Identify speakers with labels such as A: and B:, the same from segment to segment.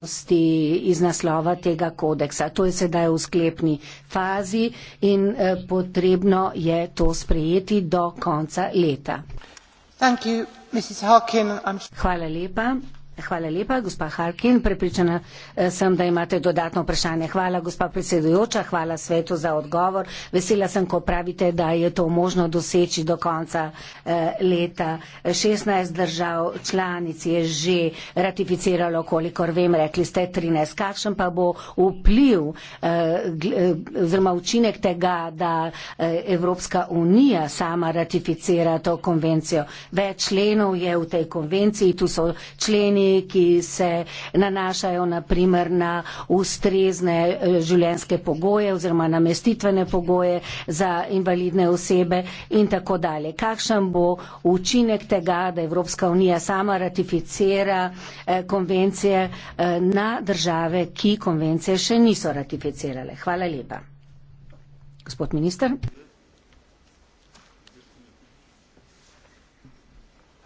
A: dejavnosti iz naslova tega kodeksa. To je sedaj v sklepni fazi in eh, potrebno je to sprejeti do konca leta. Hvala lepa. Hvala lepa, gospa Harkin. Prepričana eh, sem, da imate dodatno vprašanje. Hvala, gospa predsedujoča, hvala svetu za odgovor. Vesela sem, ko pravite, da je to možno doseči do konca eh, leta. 16 držav članic je že ratificiralo, kolikor vem, rekli ste 13. Kakšen pa bo vpliv eh, oziroma učinek tega, da Evropska unija sama ratificira to konvencijo? Več členov je v tej konvenciji, tu so členi, ki se nanašajo naprimer na ustrezne eh, življenske pogoje oziroma namestitvene pogoje za invalidne osebe in tako dalje. Kakšen bo učinek tega, da Evropska unija sama ratificira eh, konvencije eh, na države, ki konvencije še niso ratificirale? Hvala lepa. Gospod minister.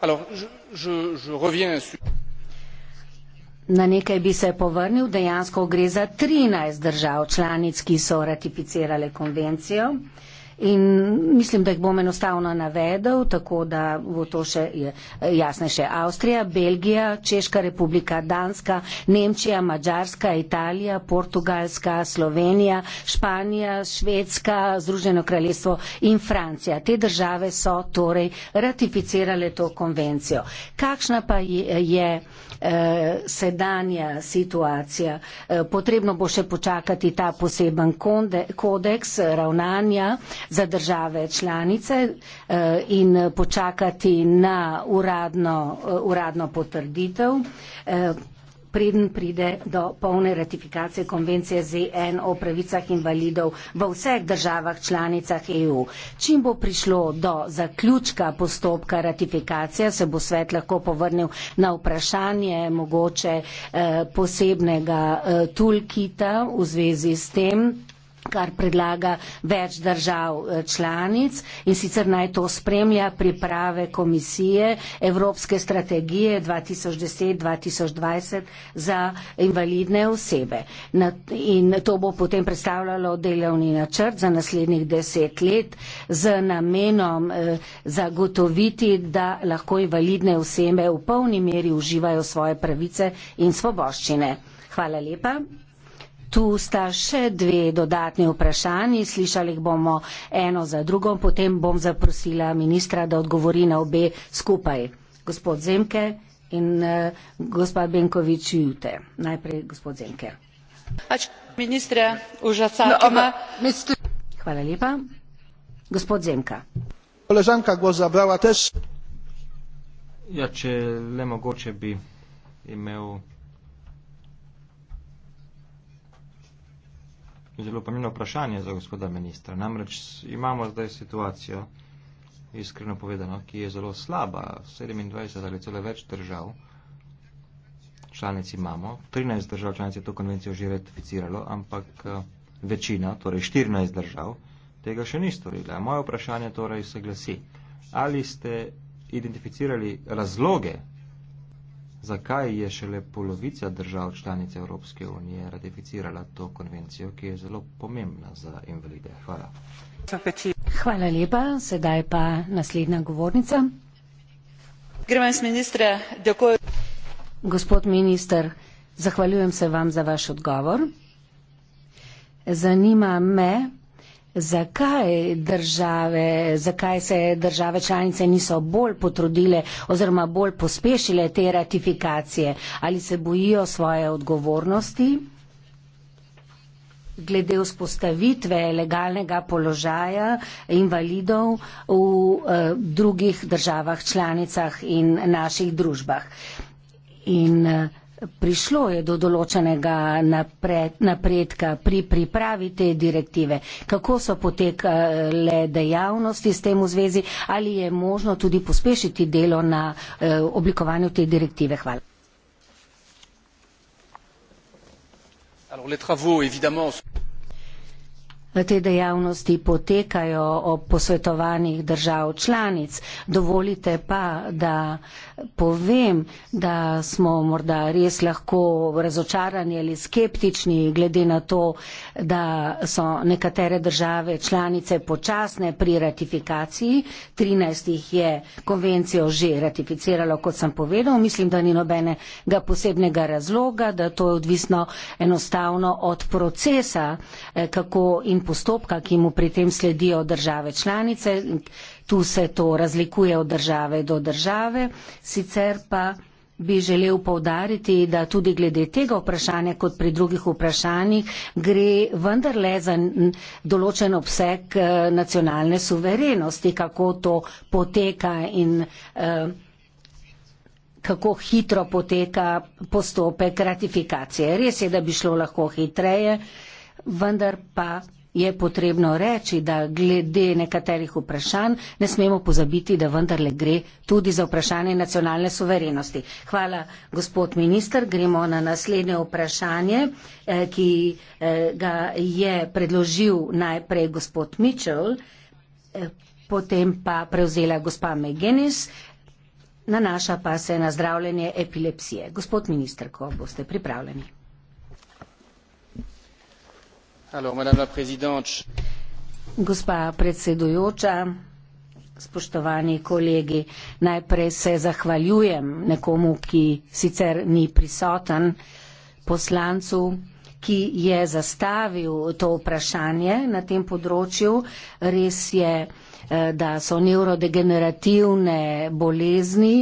B: Hello, je, je, je reviens sur.
A: Na nekaj bi se povrnil, dejansko gre za 13 držav članic, ki so ratificirale konvencijo. In mislim, da jih bom enostavno navedel, tako da bo to še jasne še Avstrija, Belgija, Češka republika, Danska, Nemčija, Mačarska, Italija, Portugalska, Slovenija, Španija, Švedska, Združeno kraljestvo in Francija. Te države so torej ratificirale to konvencijo. Kakšna pa je, je eh, sedanja situacija. Eh, potrebno bo še počakati ta poseben kodeks ravnanja za države članice eh, in počakati na uradno, eh, uradno potrditev. Eh, preden pride do polne ratifikacije konvencije ZN o pravicah invalidov v vseh državah članicah EU. Čim bo prišlo do zaključka postopka ratifikacije, se bo svet lahko povrnil na vprašanje mogoče eh, posebnega eh, tulkita v zvezi s tem, kar predlaga več držav eh, članic in sicer naj to spremlja priprave komisije Evropske strategije 2010-2020 za invalidne osebe. In to bo potem predstavljalo delovni načrt za naslednjih deset let z namenom eh, zagotoviti, da lahko invalidne osebe v polni meri uživajo svoje pravice in svoboščine. Hvala lepa. Tu sta še dve dodatni vprašanji, slišali bomo eno za drugo, potem bom zaprosila ministra, da odgovori na obe skupaj. Gospod Zemke in uh, eh, gospod Benkovič Jute. Najprej gospod Zemke. Ministre, užasatima. No, Hvala lepa. Gospod Zemka. Koležanka bo zabrala tež.
C: Ja, če le mogoče bi imel zelo pomembno vprašanje za gospoda ministra. Namreč imamo zdaj situacijo, iskreno povedano, ki je zelo slaba. 27 ali celo več držav članic imamo. 13 držav članic je to konvencijo že ratificiralo, ampak eh, večina, torej 14 držav, tega še ni storila. Moje vprašanje torej se glasi, ali ste identificirali razloge Zakaj je šele polovica držav članic Evropske unije ratificirala to konvencijo, ki je zelo pomembna za invalide? Hvala.
A: Hvala lepa. Sedaj pa naslednja govornica. Ministre, Gospod minister, zahvaljujem se vam za vaš odgovor. Zanima me, Zakaj države, zakaj se države članice niso bolj potrudile oziroma bolj pospešile te ratifikacije? Ali se bojijo svoje odgovornosti glede vzpostavitve legalnega položaja invalidov v eh, drugih državah članicah in naših družbah? In, eh, Prišlo je do določenega napredka pri pripravi te direktive. Kako so potekale dejavnosti s tem v zvezi? Ali je možno tudi pospešiti delo na eh, oblikovanju te direktive? Hvala.
B: Alors, les travaux, évidemment, sont...
A: V tej dejavnosti potekajo ob posvetovanjih držav članic. Dovolite pa, da povem, da smo morda res lahko razočarani ali skeptični glede na to, da so nekatere države članice počasne pri ratifikaciji. 13 jih je konvencijo že ratificiralo, kot sem povedal. Mislim, da ni nobenega posebnega razloga, da to je odvisno enostavno od procesa, eh, kako in postopka, ki mu pri tem sledijo države članice. Tu se to razlikuje od države do države. Sicer pa bi želel povdariti, da tudi glede tega vprašanja, kot pri drugih vprašanjih, gre vendarle za določen obseg eh, nacionalne suverenosti, kako to poteka in eh, kako hitro poteka postopek ratifikacije. Res je, da bi šlo lahko hitreje, vendar pa je potrebno reči, da glede nekaterih vprašanj ne smemo pozabiti, da vendarle gre tudi za vprašanje nacionalne suverenosti. Hvala, gospod minister. Gremo na naslednje vprašanje, eh, ki eh, ga je predložil najprej gospod Mitchell, eh, potem pa prevzela gospa McGinnis. Nanaša pa se na zdravljenje epilepsije. Gospod minister, ko boste pripravljeni. Gospa predsedujoča, spoštovani kolegi, najprej se zahvaljujem nekomu, ki sicer ni prisoten, poslancu, ki je zastavil to vprašanje na tem področju. Res je, eh, da so nevrodegenerativne bolezni,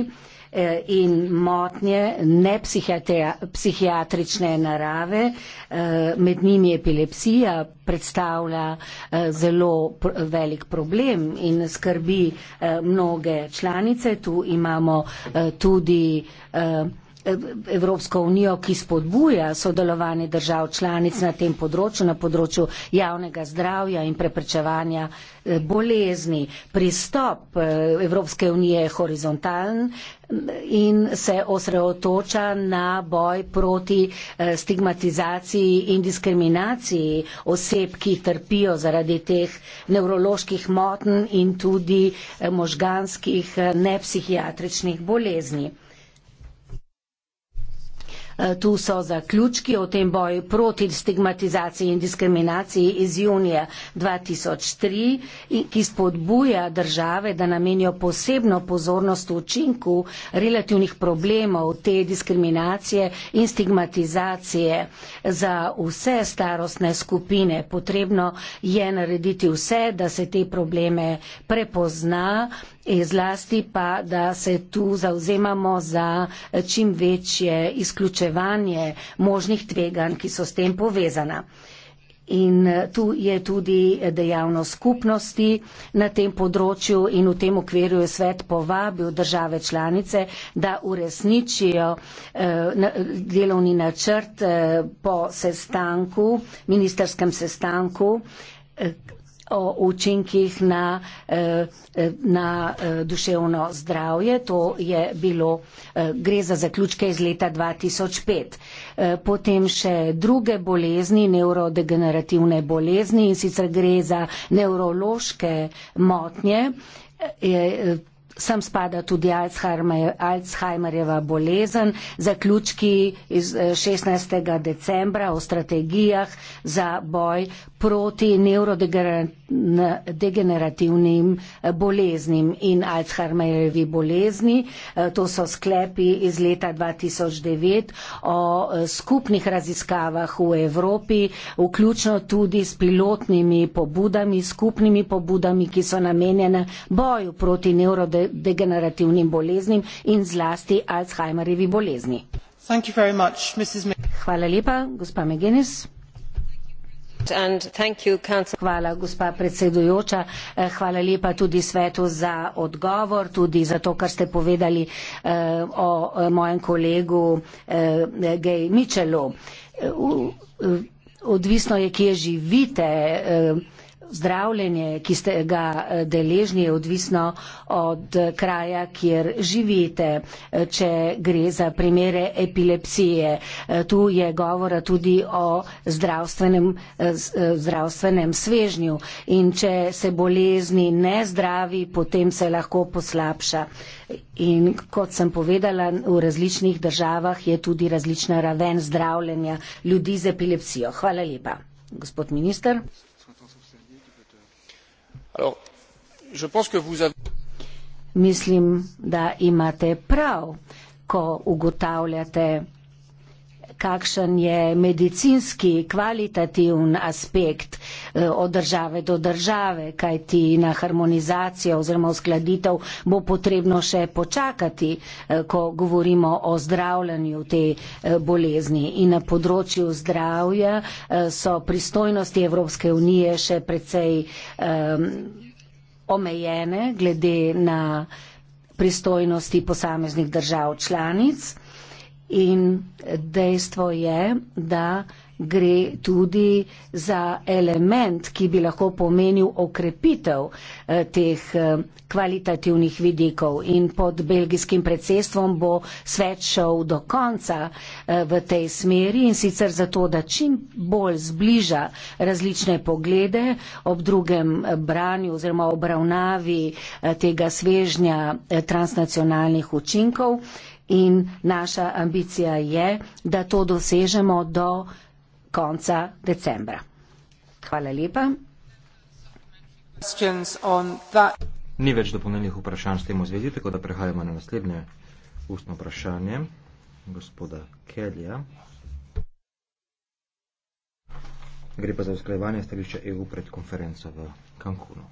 A: Eh, in motnje ne psihiatrične narave, eh, med njimi epilepsija predstavlja eh, zelo velik problem in skrbi mnoge članice. Tu imamo tudi Evropsko unijo, ki spodbuja sodelovanje držav članic na tem področju, na področju javnega zdravja in preprečevanja bolezni. Pristop Evropske unije je horizontalen, in se osredotoča na boj proti eh, stigmatizaciji in diskriminaciji oseb, ki trpijo zaradi teh nevroloških motenj in tudi eh, možganskih eh, nepsihiatričnih bolezni. E, tu so zaključki o tem boju proti stigmatizaciji in diskriminaciji iz junija 2003, ki spodbuja države, da namenijo posebno pozornost učinku relativnih problemov te diskriminacije in stigmatizacije za vse starostne skupine. Potrebno je narediti vse, da se te probleme prepozna E zlasti pa, da se tu zauzemamo za čim večje izključevanje možnih tveganj, ki so s tem povezana. In eh, tu je tudi dejavnost skupnosti na tem področju in v tem okviru je svet povabil države članice, da uresničijo eh, delovni načrt eh, po sestanku, ministerskem sestanku o učinkih na, eh, eh, na eh, duševno zdravje. To je bilo, gre za zaključke iz leta 2005. Potem še druge bolezni, neurodegenerativne bolezni in sicer gre za nevrološke motnje. Sem spada tudi Alzheimerjeva bolezen, zaključki iz 16. decembra o strategijah za boj proti neurodegenerativnim degenerativnim eh, boleznim in Alzheimerjevi bolezni. Eh, to so sklepi iz leta 2009 o eh, skupnih raziskavah v Evropi, vključno tudi s pilotnimi pobudami, skupnimi pobudami, ki so namenjene boju proti neurodegenerativnim boleznim in zlasti Alzheimerjevi bolezni. Hvala lepa, gospa McGinnis. Eh, hvala lepa tudi svetu za odgovor tudi za to kar ste povedali eh, o eh, mojem kolegu gay mitchellu odvisno je kje živite kje živite v evropi ali pa v sosednjih državah zdravljenje, ki ste ga eh, deležni, je odvisno od eh, kraja, kjer živite, eh, če gre za primere epilepsije. Tu je govora tudi o zdravstvenem, zdravstvenem svežnju in če se bolezni ne zdravi, potem se lahko poslabša. In kot sem povedala, v različnih državah je tudi različna raven zdravljenja ljudi z epilepsijo. Hvala lepa. Gospod minister. Mislim, da imate prav, ko ugotavljate, kakšen je medicinski kvalitativen aspekt eh, od države do države, kaj ti na harmonizacijo oziroma uskladitev bo potrebno še počakati, eh, ko govorimo o zdravljanju te eh, bolezni. In na področju zdravja so pristojnosti Evropske unije še precej um, omejene glede na pristojnosti posameznih držav članic in dejstvo je, da gre tudi za element, ki bi lahko pomenil okrepitev eh, teh eh, kvalitativnih vidikov in pod belgijskim predsedstvom bo svet šel do konca eh, v tej smeri in sicer zato, da čim bolj zbliža različne poglede ob drugem branju oziroma obravnavi tega svežnja transnacionalnih učinkov in naša ambicija je, da to dosežemo do konca decembra. Hvala lepa.
C: Ni več dopolnjenih vprašanj s tem v zvezi, tako da prehajamo na naslednje ustno vprašanje gospoda Kelja. Gre pa za usklajevanje stališča EU pred konferenco v Cancunu.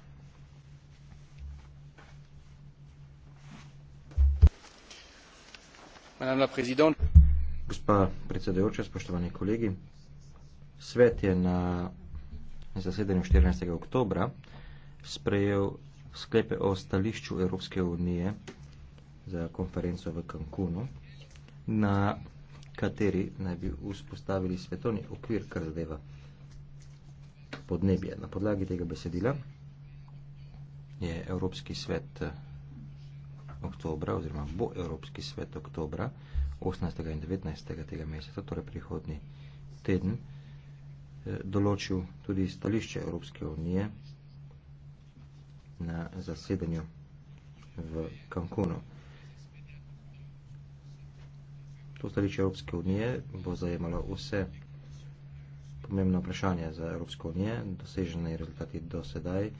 B: Gospa
C: predsedujoča, spoštovani kolegi, svet je na zasedanju 14. oktobra sprejel sklepe o stališču Evropske unije za konferenco v Cancunu, na kateri naj bi vzpostavili svetovni okvir, kar zadeva podnebje. Na podlagi tega besedila je Evropski svet oktobra oziroma bo Evropski svet oktobra 18. in 19. tega meseca, torej prihodni teden, eh, določil tudi stališče Evropske unije na zasedanju v Cancunu. To stališče Evropske unije bo zajemalo vse pomembno vprašanje za Evropsko unije, dosežene rezultati do sedaj, eh,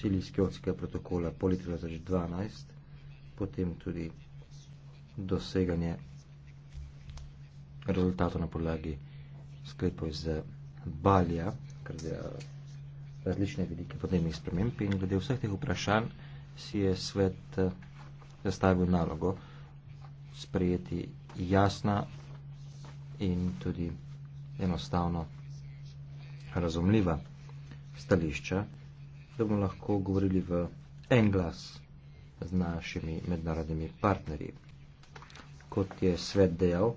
C: cilji iz Kjotskega protokola poleti 2012, potem tudi doseganje rezultatov na podlagi sklepov iz Balija, kar je eh, različne velike podnebnih sprememb in glede vseh teh vprašanj si je svet eh, zastavil nalogo sprejeti jasna in tudi enostavno razumljiva stališča da bomo lahko govorili v en glas z našimi mednarodnimi partnerji. Kot je svet dejal,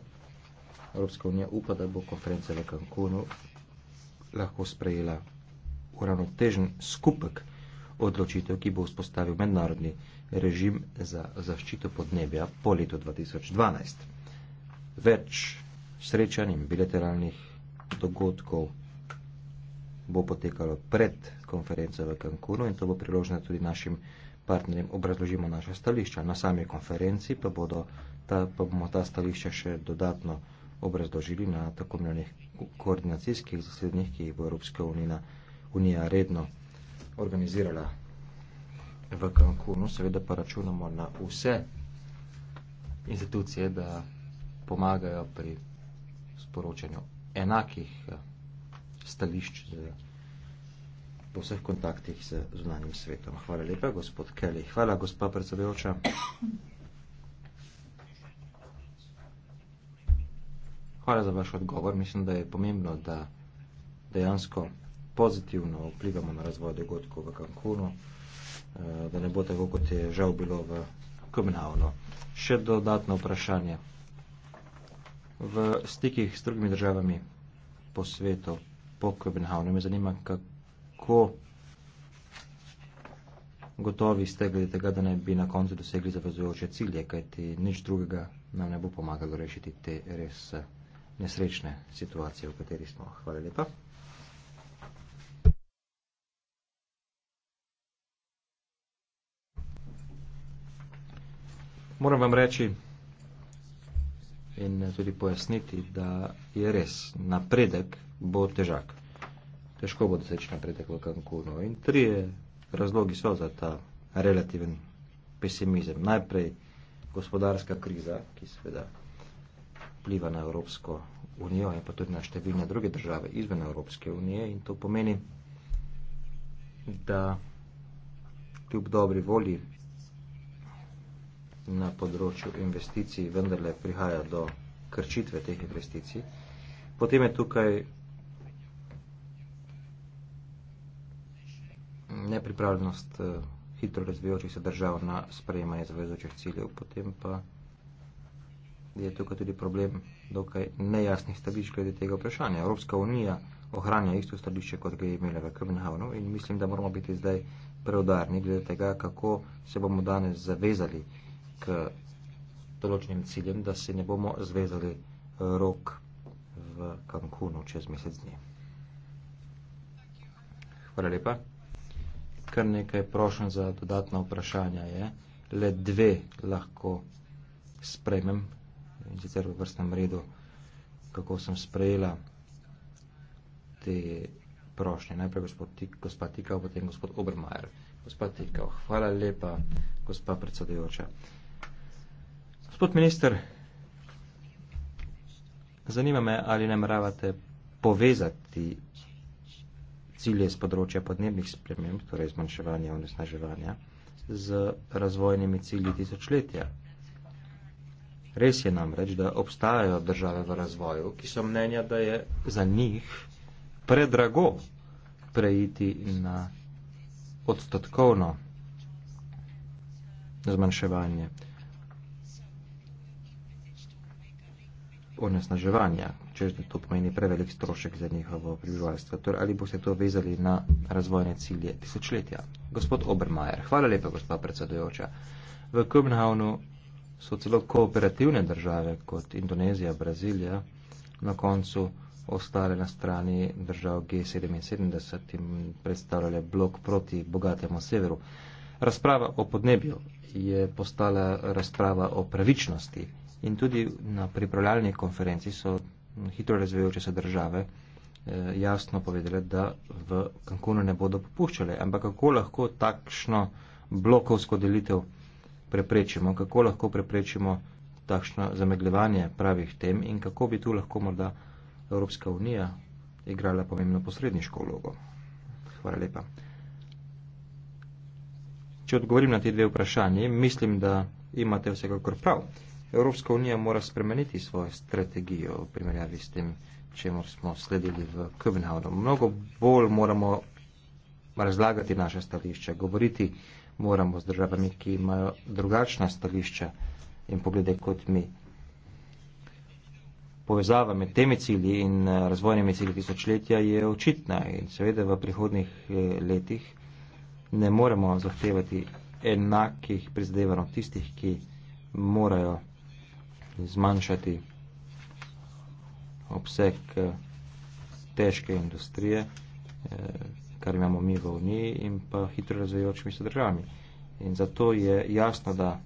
C: Evropska unija upa, da bo konferenca v Cancunu lahko sprejela uravnotežen skupek odločitev, ki bo vzpostavil mednarodni režim za zaščito podnebja po letu 2012. Več srečanj in bilateralnih dogodkov bo potekalo pred konferenco v Cancunu in to bo priložno tudi našim partnerjem obrazložimo naše stališča. Na sami konferenci pa, bodo ta, pa bomo ta stališča še dodatno obrazložili na tako imenovanih koordinacijskih zasednjih, ki jih bo Evropska unija, unija redno organizirala v Cancunu. Seveda pa računamo na vse institucije, da pomagajo pri sporočanju enakih stališč po vseh kontaktih z zunanjim svetom. Hvala lepa, gospod Kelly. Hvala, gospa predsedujoča. Hvala za vaš odgovor. Mislim, da je pomembno, da dejansko pozitivno vplivamo na razvoj dogodkov v Cancunu, eh, da ne bo tako, kot je žal bilo v Komnavno. Še dodatno vprašanje. V stikih s drugimi državami po svetu po Kopenhavnu. Me zanima, kako gotovi ste glede tega, da ne bi na koncu dosegli zavezujoče cilje, kajti nič drugega nam ne bo pomagalo rešiti te res nesrečne situacije, v kateri smo. Hvala lepa. Moram vam reči in tudi pojasniti, da je res napredek bo težak. Težko bo doseči napredek v Cancunu. In tri razlogi so za ta relativen pesimizem. Najprej gospodarska kriza, ki seveda pliva na Evropsko unijo in pa tudi na številne druge države izven Evropske unije in to pomeni, da kljub dobri volji na področju investicij vendarle prihaja do krčitve teh investicij. Potem je tukaj nepripravljenost eh, hitro razvijočih se držav na sprejemanje zavezujočih ciljev, potem pa je tukaj tudi problem dokaj nejasnih stališč glede tega vprašanja. Evropska unija ohranja isto stališče, kot ga je imela v Kopenhavnu in mislim, da moramo biti zdaj preudarni glede tega, kako se bomo danes zavezali k določenim ciljem, da se ne bomo zvezali eh, rok v Cancunu čez mesec dni. Hvala lepa kar nekaj prošen za dodatna vprašanja je, le dve lahko sprejmem in sicer v vrstnem redu, kako sem sprejela te prošnje. Najprej gospod Tik, gospa Tikal, potem gospod Obermajer. Gospa Tikal, hvala lepa, gospa predsedujoča. Gospod minister, zanima me, ali nameravate povezati cilje z področja podnebnih sprememb, torej zmanjševanja onesnaževanja, z razvojnimi cilji tisočletja. Res je namreč, da obstajajo države v razvoju, ki so mnenja, da je za njih predrago preiti na odstotkovno zmanjševanje onesnaževanja, čež da to pomeni prevelik strošek za njihovo prebivalstvo, torej ali boste to vezali na razvojne cilje tisočletja. Gospod Obermajer, hvala lepa, gospod predsedujoča. V Kopenhavnu so celo kooperativne države kot Indonezija, Brazilija na koncu ostale na strani držav G77 in predstavljale blok proti bogatemu severu. Razprava o podnebju je postala razprava o pravičnosti in tudi na pripravljalni konferenci so hitro razvijajoče se države eh, jasno povedale, da v Cancunu ne bodo popuščale. Ampak kako lahko takšno blokovsko delitev preprečimo, kako lahko preprečimo takšno zamegljevanje pravih tem in kako bi tu lahko morda Evropska unija igrala pomembno posredniško vlogo. Hvala lepa. Če odgovorim na te dve vprašanje, mislim, da imate vsekakor prav. Evropska unija mora spremeniti svojo strategijo v primerjavi s tem, čemu smo sledili v Kvenhavnu. Mnogo bolj moramo razlagati naše stališče, govoriti moramo z državami, ki imajo drugačna stališča in poglede kot mi. Povezava med temi cilji in eh, razvojnimi cilji tisočletja je očitna in seveda v prihodnih eh, letih ne moremo zahtevati enakih prizadevanj od tistih, ki morajo zmanjšati obseg eh, težke industrije,
A: eh,
C: kar imamo mi v Uniji in pa hitro razvijajočimi se državami. In zato je jasno, da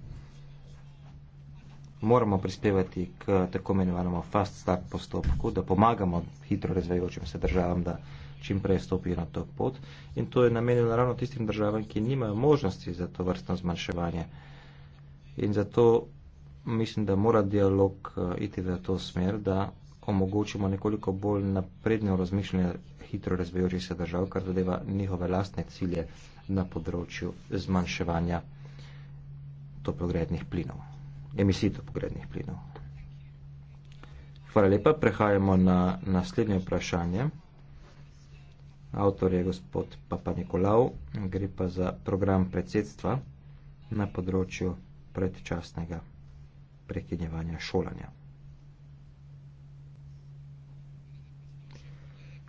C: moramo prispevati k tako imenovanemu fast start postopku, da pomagamo hitro razvijajočim se državam, da čim prej stopijo na to pot. In to je namenjeno naravno tistim državam, ki nimajo možnosti za to vrstno zmanjševanje. In zato mislim, da mora dialog eh, iti v to smer, da omogočimo nekoliko bolj napredno razmišljanje hitro razvijajočih se držav, kar zadeva njihove lastne cilje na področju zmanjševanja toplogrednih plinov, emisij toplogrednih plinov. Hvala lepa, prehajamo na naslednje vprašanje. Avtor je gospod Papa Nikolav, gre pa za program predsedstva na področju predčasnega prekinjevanja šolanja.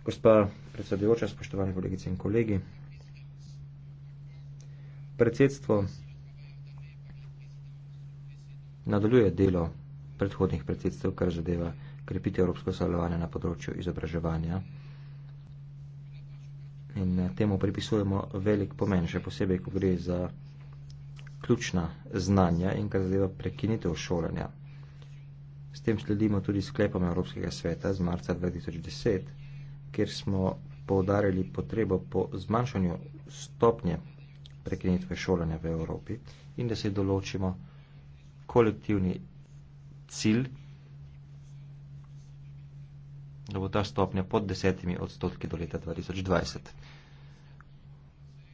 C: Gospa predsedujoča, spoštovane kolegice in kolegi, predsedstvo nadaljuje delo predhodnih predsedstv, kar zadeva krepiti evropsko sodelovanje na področju izobraževanja. In temu pripisujemo velik pomen, še posebej, ko gre za ključna znanja in kar zadeva prekinitev šolanja. S tem sledimo tudi sklepom Evropskega sveta z marca 2010, kjer smo poudarjali potrebo po zmanjšanju stopnje prekinitve šolanja v Evropi in da se določimo kolektivni cilj, da bo ta stopnja pod desetimi odstotki do leta 2020.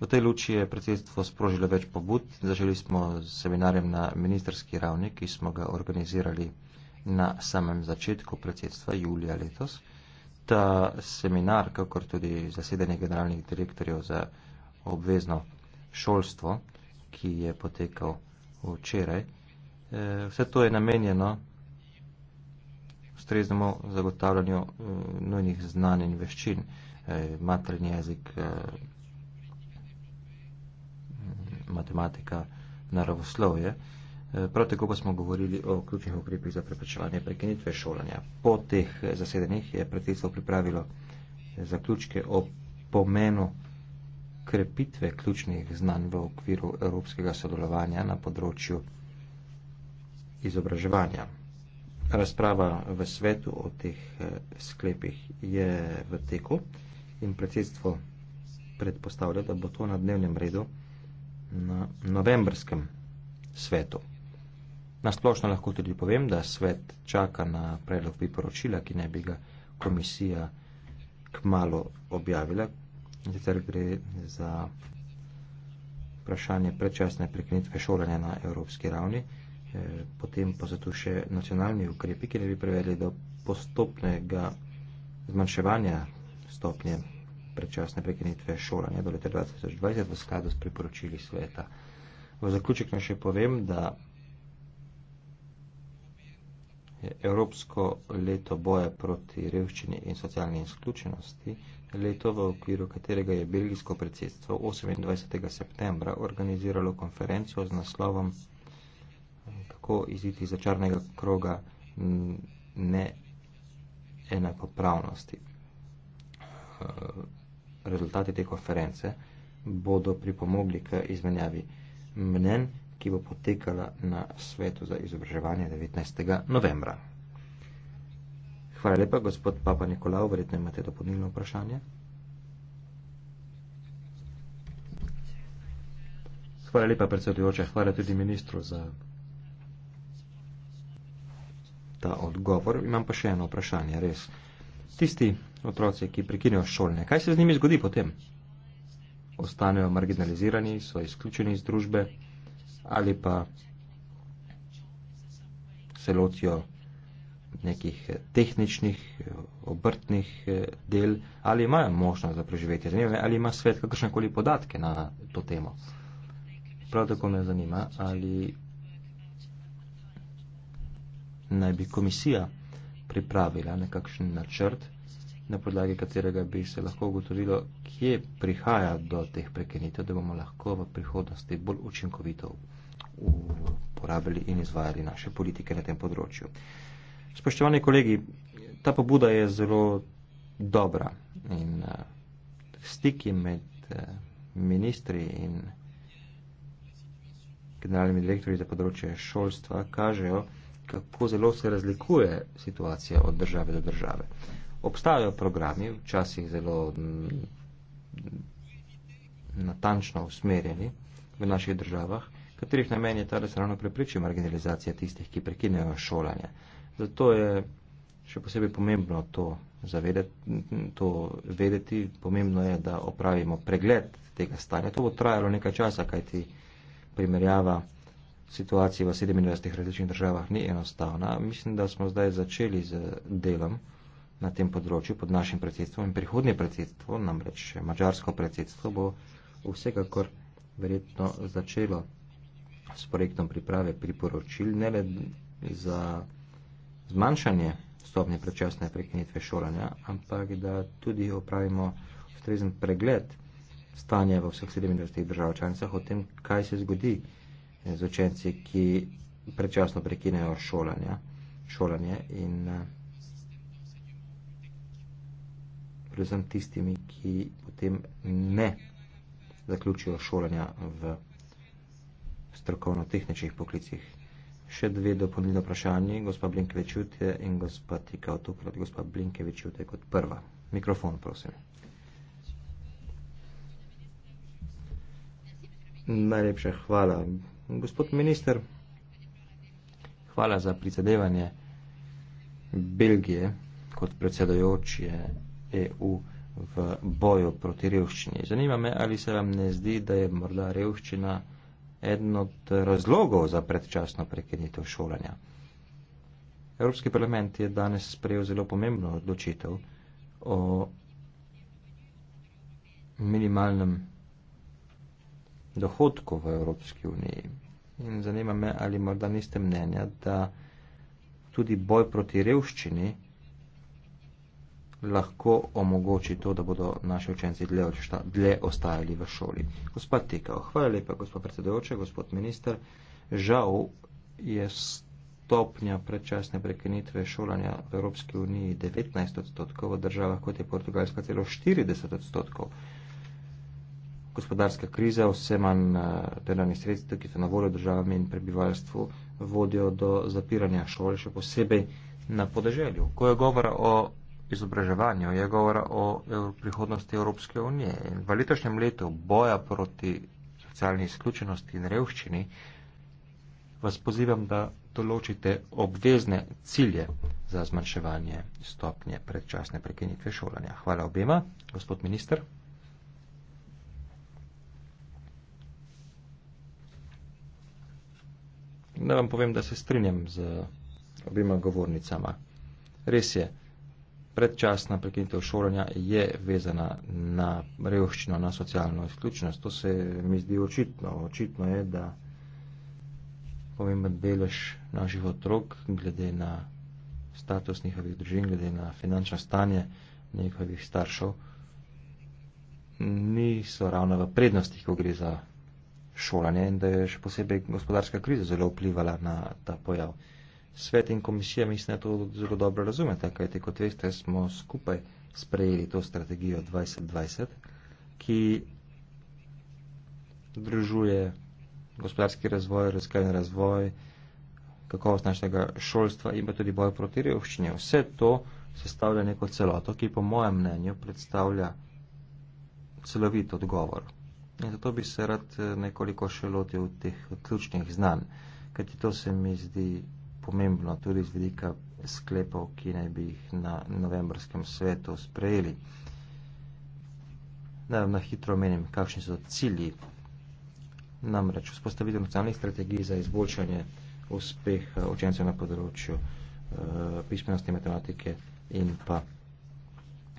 C: V tej luči je predsedstvo sprožilo več pobud. Začeli smo s seminarjem na ministerski ravni, ki smo ga organizirali na samem začetku predsedstva julija letos. Ta seminar, kakor tudi zasedanje generalnih direktorjev za obvezno šolstvo, ki je potekal včeraj, eh, vse to je namenjeno ustreznemu zagotavljanju eh, nujnih znanj in veščin, eh, materni jezik, matematika, naravoslovje. Eh, prav tako pa smo govorili o ključnih ukrepih za preprečevanje prekinitve šolanja. Po teh eh, zasedanjih je predsedstvo pripravilo eh, zaključke o pomenu krepitve ključnih znanj v okviru evropskega sodelovanja na področju izobraževanja. Razprava v svetu o teh sklepih je v teku in predsedstvo predpostavlja, da bo to na dnevnem redu na novembrskem svetu. Nasplošno lahko tudi povem, da svet čaka na predlog priporočila, ki naj bi ga komisija kmalo objavila, ker gre za vprašanje predčasne prekinitve šolanja na evropski ravni, eh, potem pa so tu še nacionalni ukrepi, ki naj bi privedli do postopnega zmanjševanja stopnje predčasne prekinitve šolanja do leta 2020 v skladu s priporočili sveta. V zaključek naj še povem, da je Evropsko leto boja proti revščini in socialni izključenosti leto, v okviru katerega je belgijsko predsedstvo 28. septembra organiziralo konferenco z naslovom Kako iziti začarnega kroga neenakopravnosti rezultati te konference bodo pripomogli k izmenjavi mnen, ki bo potekala na svetu za izobraževanje 19. novembra. Hvala lepa, gospod Papa Nikolao, verjetno imate dopolnilno vprašanje. Hvala lepa, predsedujoča, hvala tudi ministru za ta odgovor. Imam pa še eno vprašanje, res tisti otroci, ki prekinejo šolanje, kaj se z njimi zgodi potem? Ostanejo marginalizirani, so izključeni iz družbe ali pa se lotijo nekih tehničnih, obrtnih eh, del ali imajo možnost za preživetje. Zanima me, ali ima svet kakršnekoli podatke na to temo. Prav tako me zanima, ali naj bi komisija pripravila nekakšen načrt, na podlagi katerega bi se lahko ugotovilo, kje prihaja do teh prekinitev, da bomo lahko v prihodnosti bolj učinkovito uporabili in izvajali naše politike na tem področju. Spoštovani kolegi, ta pobuda je zelo dobra in eh, stiki med eh, ministri in generalnimi direktorji za področje šolstva kažejo, kako zelo se razlikuje situacija od države do države. Obstajajo programi, včasih zelo mm, natančno usmerjeni v naših državah, katerih namen je ta, da se ravno prepriči marginalizacija tistih, ki prekinejo šolanje. Zato je še posebej pomembno to, zavedeti, to vedeti, pomembno je, da opravimo pregled tega stanja. To bo trajalo nekaj časa, kajti primerjava situacija v 27 različnih državah ni enostavna. Mislim, da smo zdaj začeli z delom na tem področju pod našim predsedstvom in prihodnje predsedstvo, namreč mačarsko predsedstvo, bo vsekakor verjetno začelo s projektom priprave priporočil, ne le za zmanjšanje stopnje predčasne prekinitve šolanja, ampak da tudi opravimo ustrezen pregled stanja v vseh 27 državah članicah o tem, kaj se zgodi z učenci, ki predčasno prekinejo šolanje, šolanje in eh, predvsem tistimi, ki potem ne zaključijo šolanja v strokovno-tehničnih poklicih. Še dve dopolnilne vprašanje, gospa Blinkevičute in gospa Tikao, tukrat gospa Blinkevičute kot prva. Mikrofon, prosim. Najlepša hvala, Gospod minister, hvala za prizadevanje Belgije kot predsedojoče EU v boju proti revščini. Zanima me, ali se vam ne zdi, da je morda revščina eden od razlogov za predčasno prekinitev šolanja. Evropski parlament je danes sprejel zelo pomembno odločitev o minimalnem dohodku v Evropski uniji. In zanima me, ali morda niste mnenja, da tudi boj proti revščini lahko omogoči to, da bodo naši učenci dlje, odšta, dlje ostajali v šoli. Gospod Tekao, hvala lepa, gospod predsedujoče, gospod minister. Žal je stopnja predčasne prekinitve šolanja v Evropski uniji 19 odstotkov, v državah kot je Portugalska celo 40 odstotkov gospodarska kriza, vse manj eh, delovnih sredstev, ki so na voljo državam in prebivalstvu, vodijo do zapiranja šol, še posebej na podeželju. Ko je govora o izobraževanju, je govora o prihodnosti Evropske unije. In v letošnjem letu boja proti socialni izključenosti in revščini vas pozivam, da določite obvezne cilje za zmanjševanje stopnje predčasne prekinitve šolanja. Hvala obema, gospod minister. da vam povem, da se strinjam z obima govornicama. Res je, predčasna prekinitev šolanja je vezana na revščino, na socialno izključnost. To se mi zdi očitno. Očitno je, da pomemben delež naših otrok, glede na status njihovih družin, glede na finančno stanje njihovih staršev, niso ravno v prednostih, ko gre za šolanje in da je še posebej gospodarska kriza zelo vplivala na ta pojav. Svet in komisija mislim, da to zelo dobro razumete, kajte kot veste, smo skupaj sprejeli to strategijo 2020, ki združuje gospodarski razvoj, razkajen razvoj, kakovost našega šolstva in pa tudi boj proti revščini. Vse to sestavlja neko celoto, ki po mojem mnenju predstavlja celovit odgovor In zato bi se rad eh, nekoliko še lotil teh ključnih znanj, kajti to se mi zdi pomembno tudi z vidika sklepov, ki naj bi jih na novembrskem svetu sprejeli. Naj vam na hitro omenim, kakšni so cilji. Namreč vzpostavitev nacionalnih strategij za izboljšanje uspeha učencev na področju uh, pismenosti, matematike in pa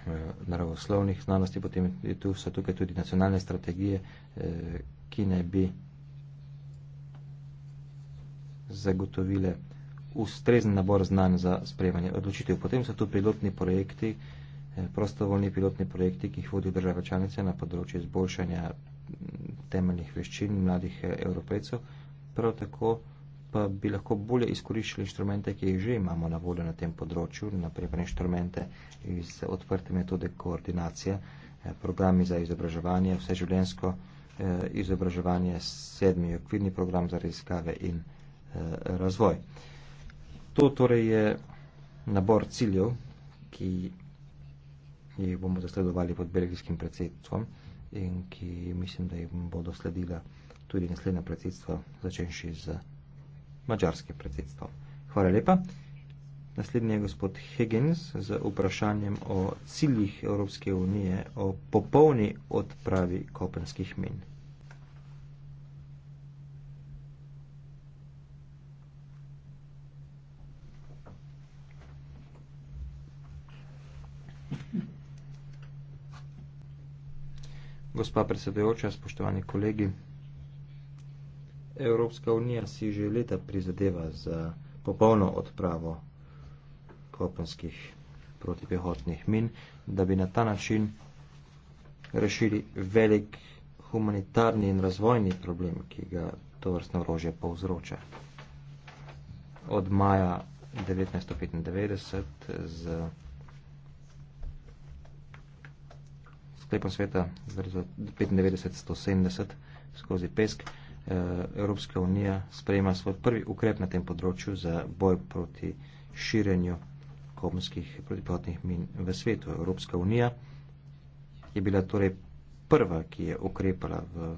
C: Eh, naravoslovnih znanosti, potem je tu, so tukaj tudi nacionalne strategije, eh, ki ne bi zagotovile ustrezen nabor znanj za sprejemanje odločitev. Potem so tu pilotni projekti, eh, prostovoljni pilotni projekti, ki jih vodijo države članice na področju izboljšanja temeljnih veščin mladih evropejcev. Prav tako pa bi lahko bolje izkoriščali inštrumente, ki jih že imamo na voljo na tem področju, naprimer inštrumente iz odprte metode koordinacije, eh, programi za izobraževanje, vseživljensko eh, izobraževanje, sedmi okvirni program za raziskave in eh, razvoj. To torej je nabor ciljev, ki jih bomo zasledovali pod belgijskim predsedstvom in ki mislim, da jim bodo sledila tudi naslednja predsedstva, začenši z mačarske predsedstvo. Hvala lepa. Naslednji je gospod Higgins z vprašanjem o ciljih Evropske unije o popolni odpravi kopenskih min. Gospa predsedujoča, spoštovani kolegi, Evropska unija si že leta prizadeva za popolno odpravo kopenskih protipehotnih min, da bi na ta način rešili velik humanitarni in razvojni problem, ki ga to vrstno orožje povzroča. Od maja 1995 z sklepom sveta 1995-170 skozi pesk Eh, Evropska unija sprejema svoj prvi ukrep na tem področju za boj proti širjenju kopenskih protipotnih min v svetu. Evropska unija je bila torej prva, ki je ukrepala v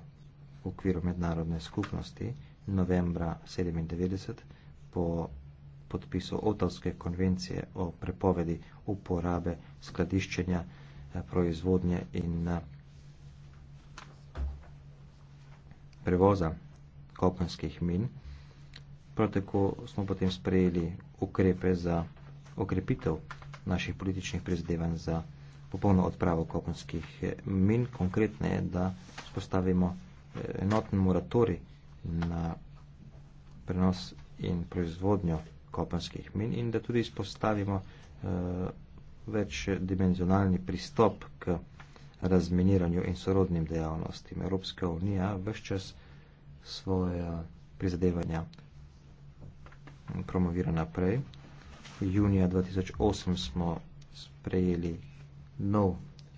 C: okviru mednarodne skupnosti novembra 1997 po podpisu Otavske konvencije o prepovedi uporabe skladiščenja eh, proizvodnje in eh, prevoza kopenskih min. Prav tako smo potem sprejeli ukrepe za okrepitev naših političnih prizadevanj za popolno odpravo kopenskih min. Konkretno je, da spostavimo eh, enoten moratori na prenos in proizvodnjo kopenskih min in da tudi spostavimo uh, eh, večdimenzionalni pristop k razminiranju in sorodnim dejavnostim. Evropska unija vse čas svoje prizadevanja promovira naprej. Junija 2008 smo sprejeli nov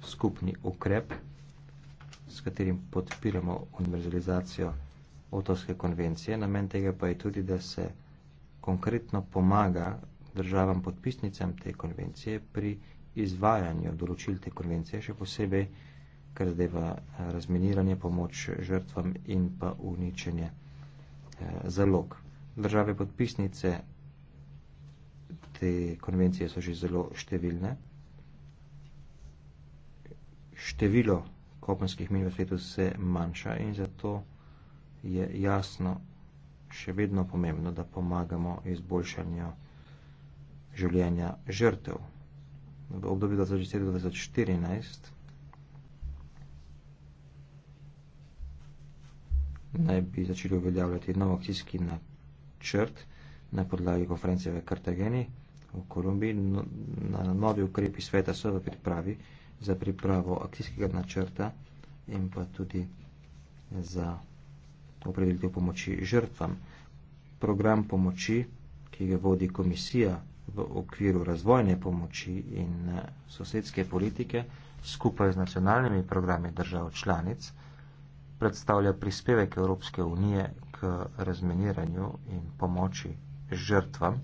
C: skupni ukrep, s katerim podpiramo univerzalizacijo otorske konvencije. Namen tega pa je tudi, da se konkretno pomaga državam podpisnicam te konvencije pri izvajanju določil te konvencije, še posebej, kar zadeva eh, razminiranje, pomoč žrtvam in pa uničenje eh, zalog. Države podpisnice te konvencije so že zelo številne. Število kopenskih min v svetu se manjša in zato je jasno še vedno pomembno, da pomagamo izboljšanju življenja žrtev v obdobju 2010-2014 naj bi začeli uveljavljati nov akcijski načrt na podlagi konference v Kartageni v Kolumbiji. No, na novi ukrepi sveta so v pripravi za pripravo akcijskega načrta in pa tudi za opredelitev pomoči žrtvam. Program pomoči, ki ga vodi komisija v okviru razvojne pomoči in eh, sosedske politike skupaj z nacionalnimi programi držav članic predstavlja prispevek Evropske unije k razminiranju in pomoči žrtvam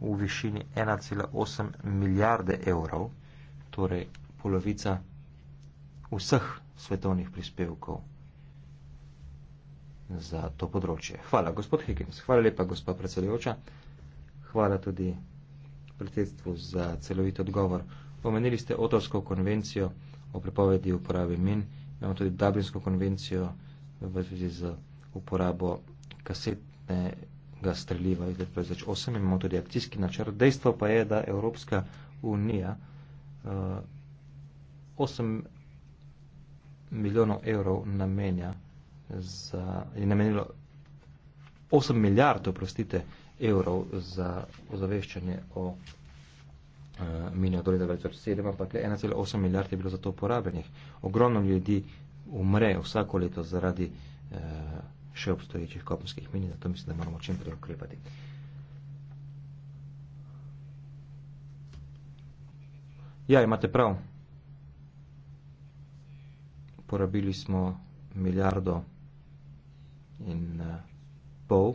C: v višini 1,8 milijarde evrov, torej polovica vseh svetovnih prispevkov za to področje. Hvala, gospod Higgins. Hvala lepa, gospod predsedujoča. Hvala tudi predsedstvu za celovit odgovor. Pomenili ste otorsko konvencijo o prepovedi uporabe min, imamo tudi Dublinsko konvencijo v zvezi z uporabo kasetnega streljiva iz 2008, imamo tudi akcijski načrt. Dejstvo pa je, da Evropska unija uh, eh, 8 milijonov evrov namenja za, je namenilo 8 milijard, oprostite, evrov za ozaveščanje o e, eh, minijo do leta 2007, ampak le 1,8 milijard je bilo za to porabljenih. Ogromno ljudi umre vsako leto zaradi e, še obstoječih kopenskih mini, zato mislim, da moramo čim prej ukrepati. Ja, imate prav. Porabili smo milijardo in uh, pol.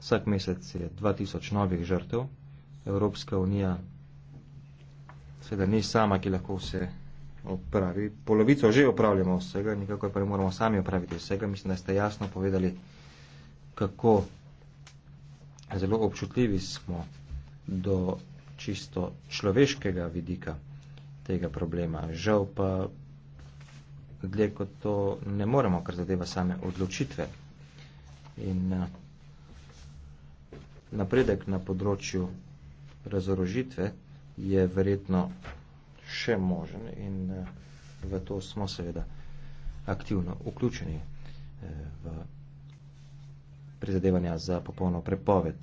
C: Vsak mesec je 2000 novih žrtev. Evropska unija seveda ni sama, ki lahko vse opravi. Polovico že opravljamo vsega, nikako pa ne moramo sami opraviti vsega. Mislim, da ste jasno povedali, kako zelo občutljivi smo do čisto človeškega vidika tega problema. Žal pa dlje kot to ne moremo, kar zadeva same odločitve. In, uh, napredek na področju razorožitve je verjetno še možen in eh, v to smo seveda aktivno vključeni eh, v prizadevanja za popolno prepoved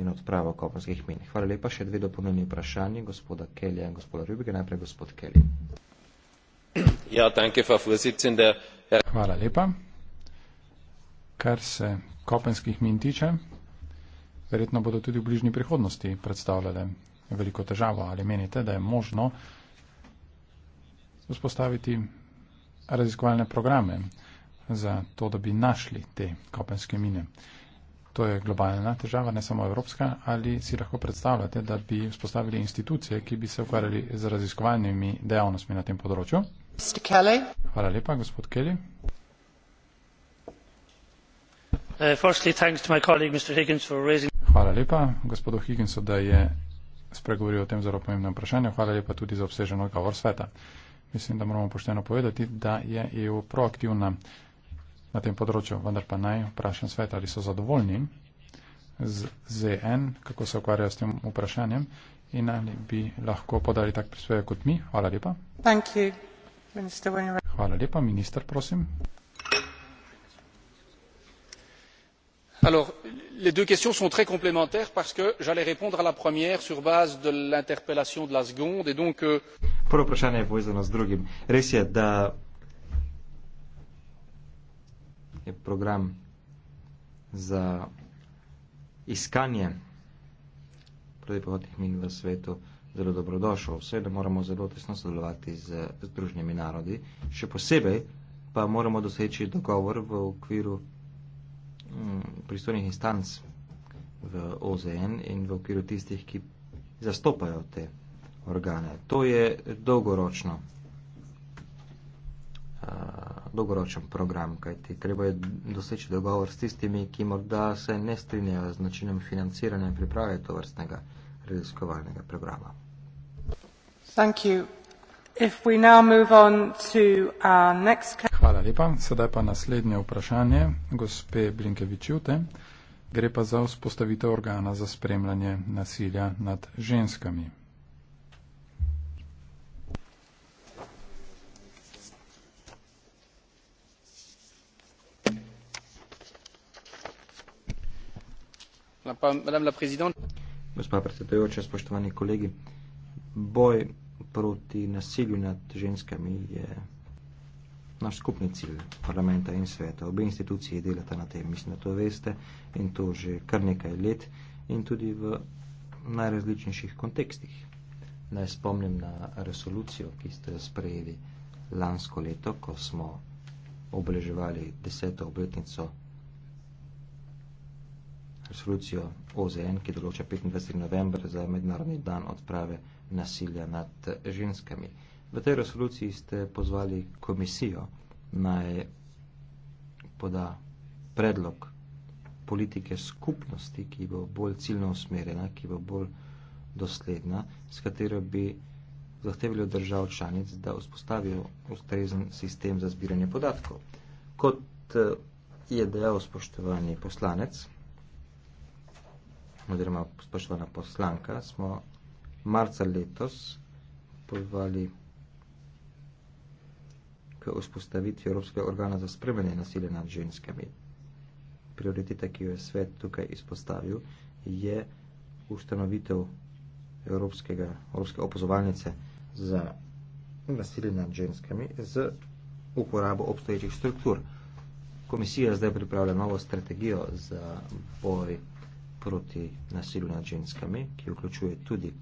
C: in odpravo kopenskih min. Hvala lepa. Še dve dopolnilni vprašanji gospoda Kelja in gospoda Rubike. Najprej gospod Kelj.
B: Ja, danke, Hvala lepa. Kar se kopenskih mintiče, verjetno bodo tudi v bližnji prihodnosti predstavljale veliko težavo. Ali menite, da je možno vzpostaviti raziskovalne programe za to, da bi našli te kopenske mine? To je globalna težava, ne samo evropska. Ali si lahko predstavljate, da bi vzpostavili institucije, ki bi se ukvarjali z raziskovalnimi dejavnostmi na tem področju? Hvala lepa, gospod Kelly. Uh, Hvala lepa gospodu Higginsu, da je spregovoril o tem zelo pomembnem vprašanju. Hvala lepa tudi za obsežen odgovor sveta. Mislim, da moramo pošteno povedati, da je EU proaktivna na tem področju, vendar pa naj vprašam svet, ali so zadovoljni z ZN, kako se ukvarjajo s tem vprašanjem in ali bi lahko podali tak prispevek kot mi. Hvala lepa. Hvala lepa, minister, prosim. les deux questions sont très complémentaires parce que j'allais répondre à la première sur la base de l'interpellation de la seconde et donc. Euh,
C: Prvo vprašanje je povezano z drugim. Res je, da je program za iskanje prodepotnih min v svetu zelo dobrodošel. Seveda moramo zelo tesno sodelovati z združnjami narodi, še posebej pa moramo doseči dogovor v okviru Mm, pristojnih instanc v OZN in v okviru tistih, ki zastopajo te organe. To je dolgoročno, uh, dolgoročen program, kajti treba je doseči dogovor s tistimi, ki morda se ne strinjajo z načinom financiranja in priprave to vrstnega
B: raziskovalnega programa. Thank you. Hvala lepa. Sedaj pa naslednje vprašanje gospe Blinkevičute. Gre pa za vzpostavitev organa za spremljanje nasilja nad ženskami. Gospa
C: predsedujoča, spoštovani kolegi. Boj proti nasilju nad ženskami je naš skupni cilj parlamenta in sveta. Obe institucije delata na tem, mislim, da to veste in to že kar nekaj let in tudi v najrazličnejših kontekstih. Naj spomnim na resolucijo, ki ste jo sprejeli lansko leto, ko smo obeleževali deseto obletnico resolucijo OZN, ki določa 25. november za mednarodni dan odprave nasilja nad ženskami. V tej resoluciji ste pozvali komisijo naj poda predlog politike skupnosti, ki bo bolj ciljno usmerjena, ki bo bolj dosledna, s katero bi zahtevali od držav članic, da vzpostavijo ustrezen sistem za zbiranje podatkov. Kot eh, je dejal spoštovani poslanec, oziroma spoštovana poslanka, smo marca letos pozvali k vzpostavitvi Evropskega organa za spremljanje nasilja nad ženskami. Prioriteta, ki jo je svet tukaj izpostavil, je ustanovitev Evropskega, Evropske opozovalnice za nasilje nad ženskami z uporabo obstoječih struktur. Komisija zdaj pripravlja novo strategijo za boj proti nasilju nad ženskami, ki vključuje tudi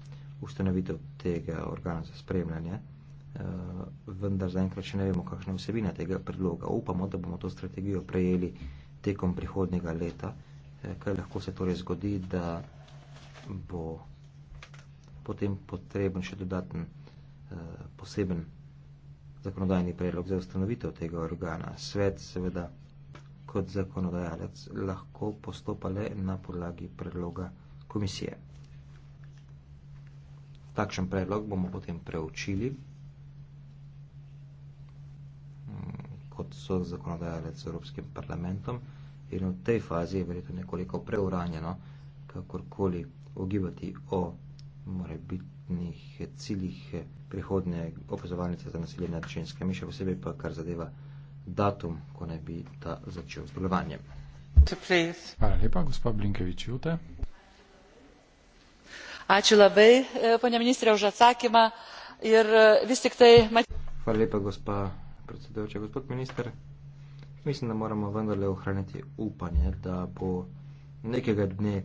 C: ustanovitev tega organa za spremljanje, eh, vendar zaenkrat še ne vemo, kakšna je vsebina tega predloga. Upamo, da bomo to strategijo prejeli tekom prihodnega leta, eh, kaj lahko se torej zgodi, da bo potem potreben še dodaten eh, poseben zakonodajni predlog za ustanovitev tega organa. Svet seveda kot zakonodajalec lahko postopale na podlagi predloga komisije. Takšen predlog bomo potem preučili, kot so zakonodajalec z Evropskim parlamentom in v tej fazi je verjetno nekoliko preuranjeno, kakorkoli ogibati o morebitnih ciljih prihodnje opazovalnice za nasilje nad ženskami, še posebej pa kar zadeva datum, ko naj bi ta začel z delovanjem.
B: Hvala lepa, gospod Blinkevič Jute
A: ačiū labai e, pone ministrė už atsakymą ir e, vis tik tai
C: Mislim, da moramo vendarle ohraniti upanje, da bo nekega dne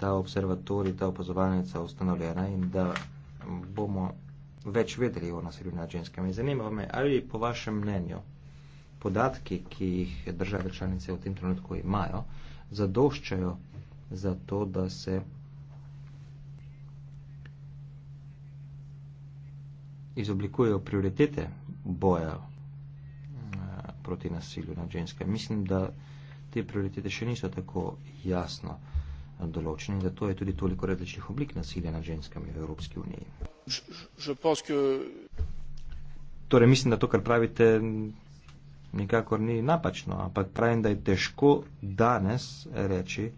C: ta observatorij, ta opazovalnica ustanovljena in da bomo več vedeli o nasilju nad ženskami. Zanima me, ali po vašem mnenju podatki, ki jih države članice v tem trenutku imajo, zadoščajo za to, da se izoblikujejo prioritete boja eh, proti nasilju nad ženskami. Mislim, da te prioritete še niso tako jasno eh, določene in zato je tudi toliko različnih oblik nasilja nad ženskami v Evropski uniji. Torej, mislim, da to, kar pravite, nikakor ni napačno, ampak pravim, da je težko danes reči,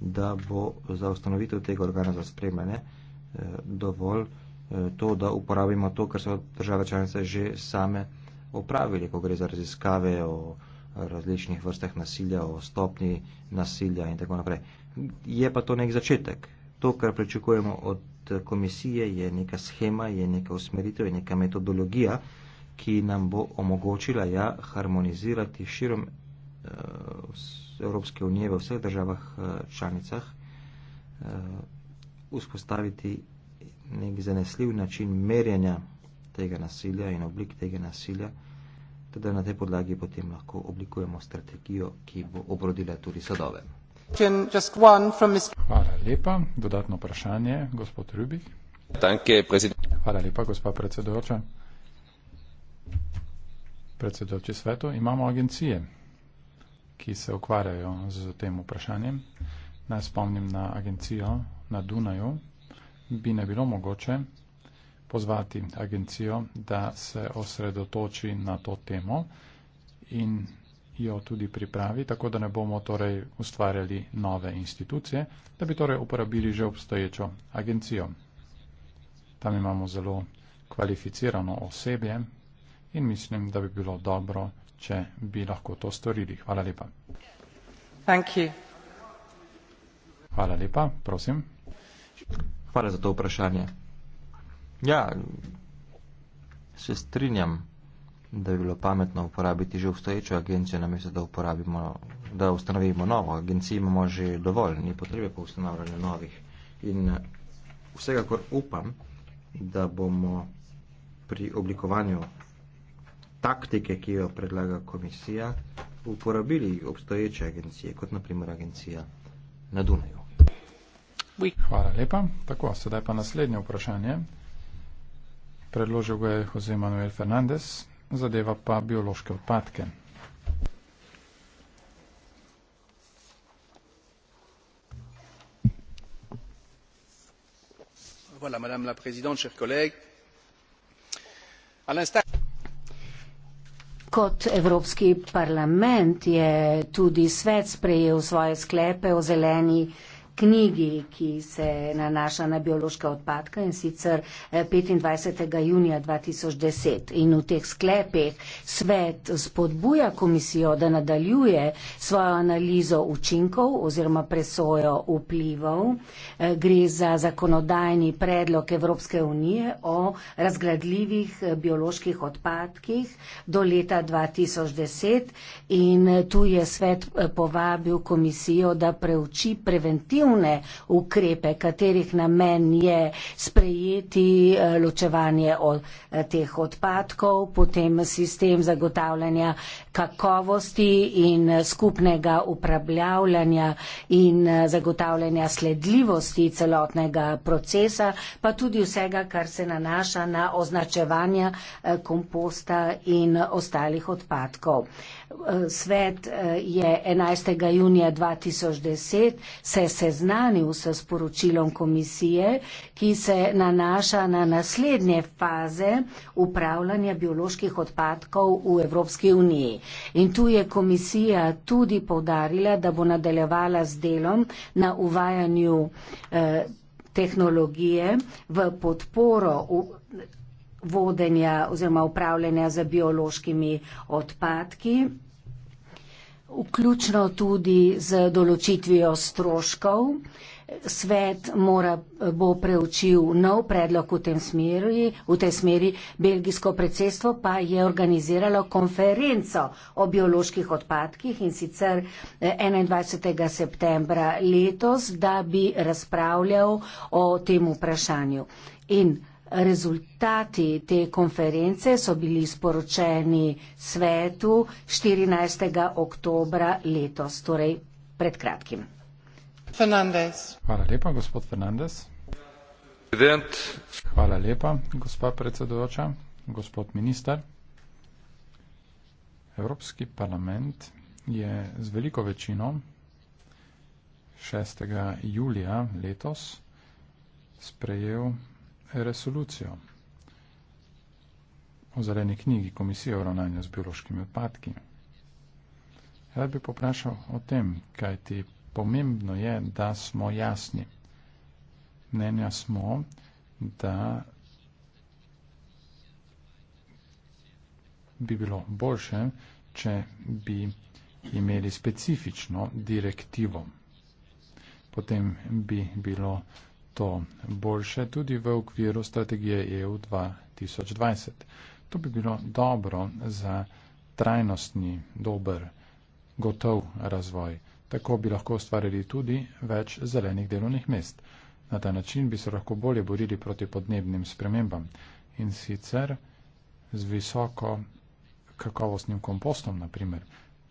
C: da bo za ustanovitev tega organa za spremljanje eh, dovolj Eh, to, da uporabimo to, kar so države članice že same opravili, ko gre za raziskave o različnih vrstah nasilja, o stopni nasilja in tako naprej. Je pa to nek začetek. To, kar pričakujemo od komisije, je neka schema, je neka usmeritev, je neka metodologija, ki nam bo omogočila ja, harmonizirati širom eh, Evropske unije v vseh državah eh, članicah, vzpostaviti nek zanesljiv način merjenja tega nasilja in oblik tega nasilja, tudi na tej podlagi potem lahko oblikujemo strategijo, ki bo obrodila tudi sadove.
B: Hvala lepa. Dodatno vprašanje, gospod Rubik. Hvala lepa, gospa predsedujoča. Predsedujoči svetu, imamo agencije, ki se ukvarjajo z tem vprašanjem. Naj spomnim na agencijo na Dunaju, bi ne bilo mogoče pozvati agencijo, da se osredotoči na to temo in jo tudi pripravi, tako da ne bomo torej ustvarjali nove institucije, da bi torej uporabili že obstoječo agencijo. Tam imamo zelo kvalificirano osebje in mislim, da bi bilo dobro, če bi lahko to storili. Hvala lepa. Thank you. Hvala lepa, prosim. Hvala za to vprašanje. Ja, se strinjam,
C: da bi bilo pametno uporabiti že obstoječo agencijo, namesto da, da ustanovimo novo. Agencij imamo že dovolj, ni potrebe po ustanovljanju novih. In eh, vsekakor upam, da bomo pri oblikovanju taktike, ki jo predlaga komisija, uporabili obstoječe agencije, kot naprimer agencija na Dunaju.
B: We... Hvala lepa. Tako, sedaj pa naslednje vprašanje. Predložil ga je Jose Manuel Fernandez, zadeva pa biološke odpadke. Hvala, madame la présidente, cher collègue.
A: Kot Evropski parlament je tudi svet sprejel svoje sklepe o zeleni knjigi, ki se nanaša na biološke odpadke in sicer 25. Eh, junija 2010. In v teh sklepih svet spodbuja komisijo, da nadaljuje svojo analizo učinkov oziroma presojo vplivov. Eh, gre za zakonodajni predlog Evropske unije o razgradljivih eh, bioloških odpadkih do leta 2010 in tu je svet povabil komisijo, da preuči preventivno aktivne ukrepe, katerih namen je sprejeti eh, ločevanje od eh, teh odpadkov, potem sistem zagotavljanja kakovosti in eh, skupnega upravljavljanja in eh, zagotavljanja sledljivosti celotnega procesa, pa tudi vsega, kar se nanaša na označevanje eh, komposta in ostalih odpadkov. Svet je 11. junija 2010 se seznanil s sporočilom komisije, ki se nanaša na naslednje faze upravljanja bioloških odpadkov v Evropski uniji. In tu je komisija tudi povdarila, da bo nadaljevala z delom na uvajanju eh, tehnologije v podporo. V, vodenja oziroma upravljanja za biološkimi odpadki, vključno tudi z določitvijo stroškov. Eh, svet mora, bo preučil nov predlog v, smeri, v tej smeri, belgijsko predsedstvo pa je organiziralo konferenco o bioloških odpadkih in sicer 21. Eh, septembra letos, da bi razpravljal o tem vprašanju. In Rezultati te konference so bili sporočeni svetu 14. oktobra letos, torej pred kratkim. Hvala
B: lepa, gospod Fernandez. President. Hvala lepa, gospa predsedujoča, gospod minister. Evropski parlament je z veliko večino 6. julija letos sprejel resolucijo o zeleni knjigi Komisije o ravnanju z biološkimi odpadki. Rad bi poprašal o tem, kaj ti pomembno je, da smo jasni. Mnenja smo, da bi bilo boljše, če bi imeli specifično direktivo. Potem bi bilo to boljše tudi v okviru strategije EU 2020. To bi bilo dobro za trajnostni, dober, gotov razvoj. Tako bi lahko ustvarili tudi več zelenih delovnih mest. Na ta način bi se lahko bolje borili proti podnebnim spremembam in sicer z visoko kakovostnim kompostom, naprimer.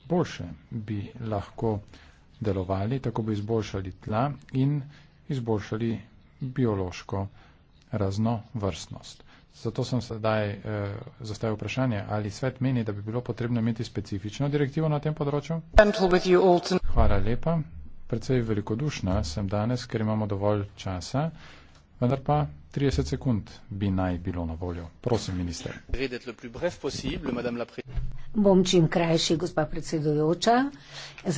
B: Boljše bi lahko delovali, tako bi izboljšali tla in izboljšali biološko raznovrstnost. Zato sem sedaj e, zastavil vprašanje, ali svet meni, da bi bilo potrebno imeti specifično direktivo na tem področju? Gentle with you all Hvala lepa. Predvsej velikodušna sem danes, ker imamo dovolj časa, vendar pa 30 sekund bi naj bilo na voljo. Prosim, minister.
A: Bom čim krajši, gospa predsedujoča,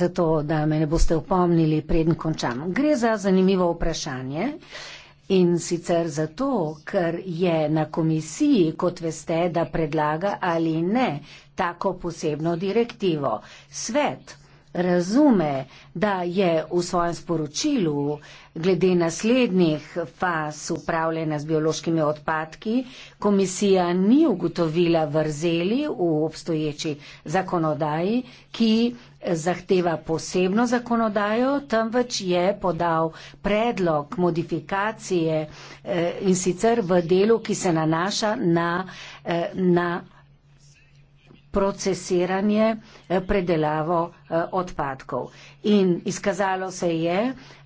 A: zato da me ne boste upomnili, preden končam. Gre za zanimivo vprašanje. In sicer zato, ker je na komisiji, kot veste, da predlaga ali ne tako posebno direktivo. Svet razume, da je v svojem sporočilu glede naslednjih faz upravljena z biološkimi odpadki, komisija ni ugotovila vrzeli v obstoječi zakonodaji, ki zahteva posebno zakonodajo, temveč je podal predlog modifikacije eh, in sicer v delu, ki se nanaša na, eh, na procesiranje, eh, predelavo eh, odpadkov. In izkazalo se je,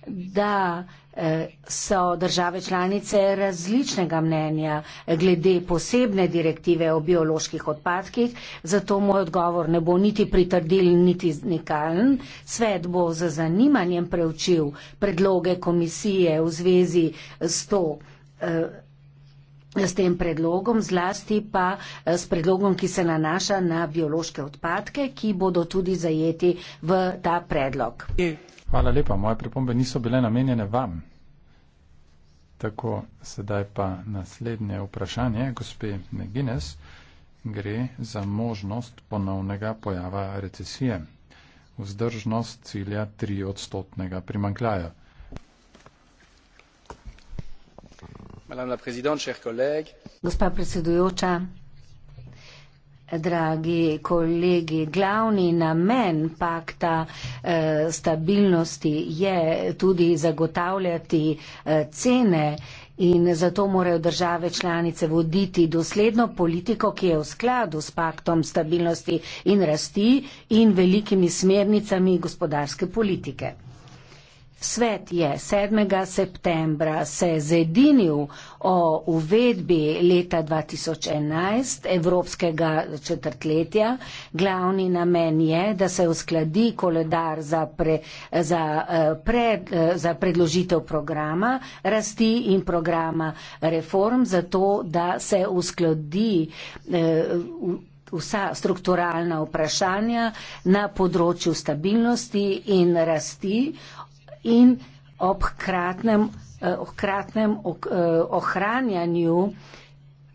A: da eh, so države članice različnega mnenja glede posebne direktive o bioloških odpadkih, zato moj odgovor ne bo niti pritrdil, niti znikaln. Svet bo za zanimanjem preučil predloge komisije v zvezi s to s tem predlogom, zlasti pa eh, s predlogom, ki se nanaša na biološke odpadke, ki bodo tudi zajeti v ta predlog.
B: Hvala lepa, moje pripombe niso bile namenjene vam. Tako sedaj pa naslednje vprašanje, gospe Megines, gre za možnost ponovnega pojava recesije. Vzdržnost cilja 3 odstotnega primankljaja.
A: Gospa predsedujoča, dragi kolegi, glavni namen pakta eh, stabilnosti je tudi zagotavljati eh, cene in zato morajo države članice voditi dosledno politiko, ki je v skladu s paktom stabilnosti in rasti in velikimi smernicami gospodarske politike. Svet je 7. septembra se zedinil o uvedbi leta 2011 Evropskega četrtletja. Glavni namen je, da se uskladi koledar za, pre, za, eh, pred, eh, za predložitev programa rasti in programa reform, zato da se uskladi eh, vsa strukturalna vprašanja na področju stabilnosti in rasti in ob hkratnem, eh, hkratnem eh, ohranjanju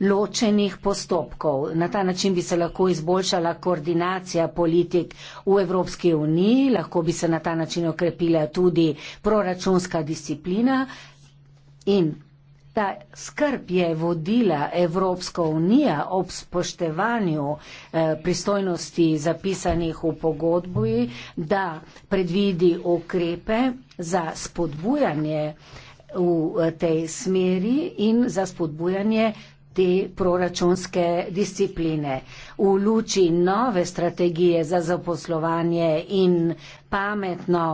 A: ločenih postopkov. Na ta način bi se lahko izboljšala koordinacija politik v Evropski uniji, lahko bi se na ta način okrepila tudi proračunska disciplina in Ta skrb je vodila Evropska unija ob spoštevanju eh, pristojnosti zapisanih v pogodbi, da predvidi okrepe za spodbujanje v eh, tej smeri in za spodbujanje te proračunske discipline. V luči nove strategije za zaposlovanje in pametno,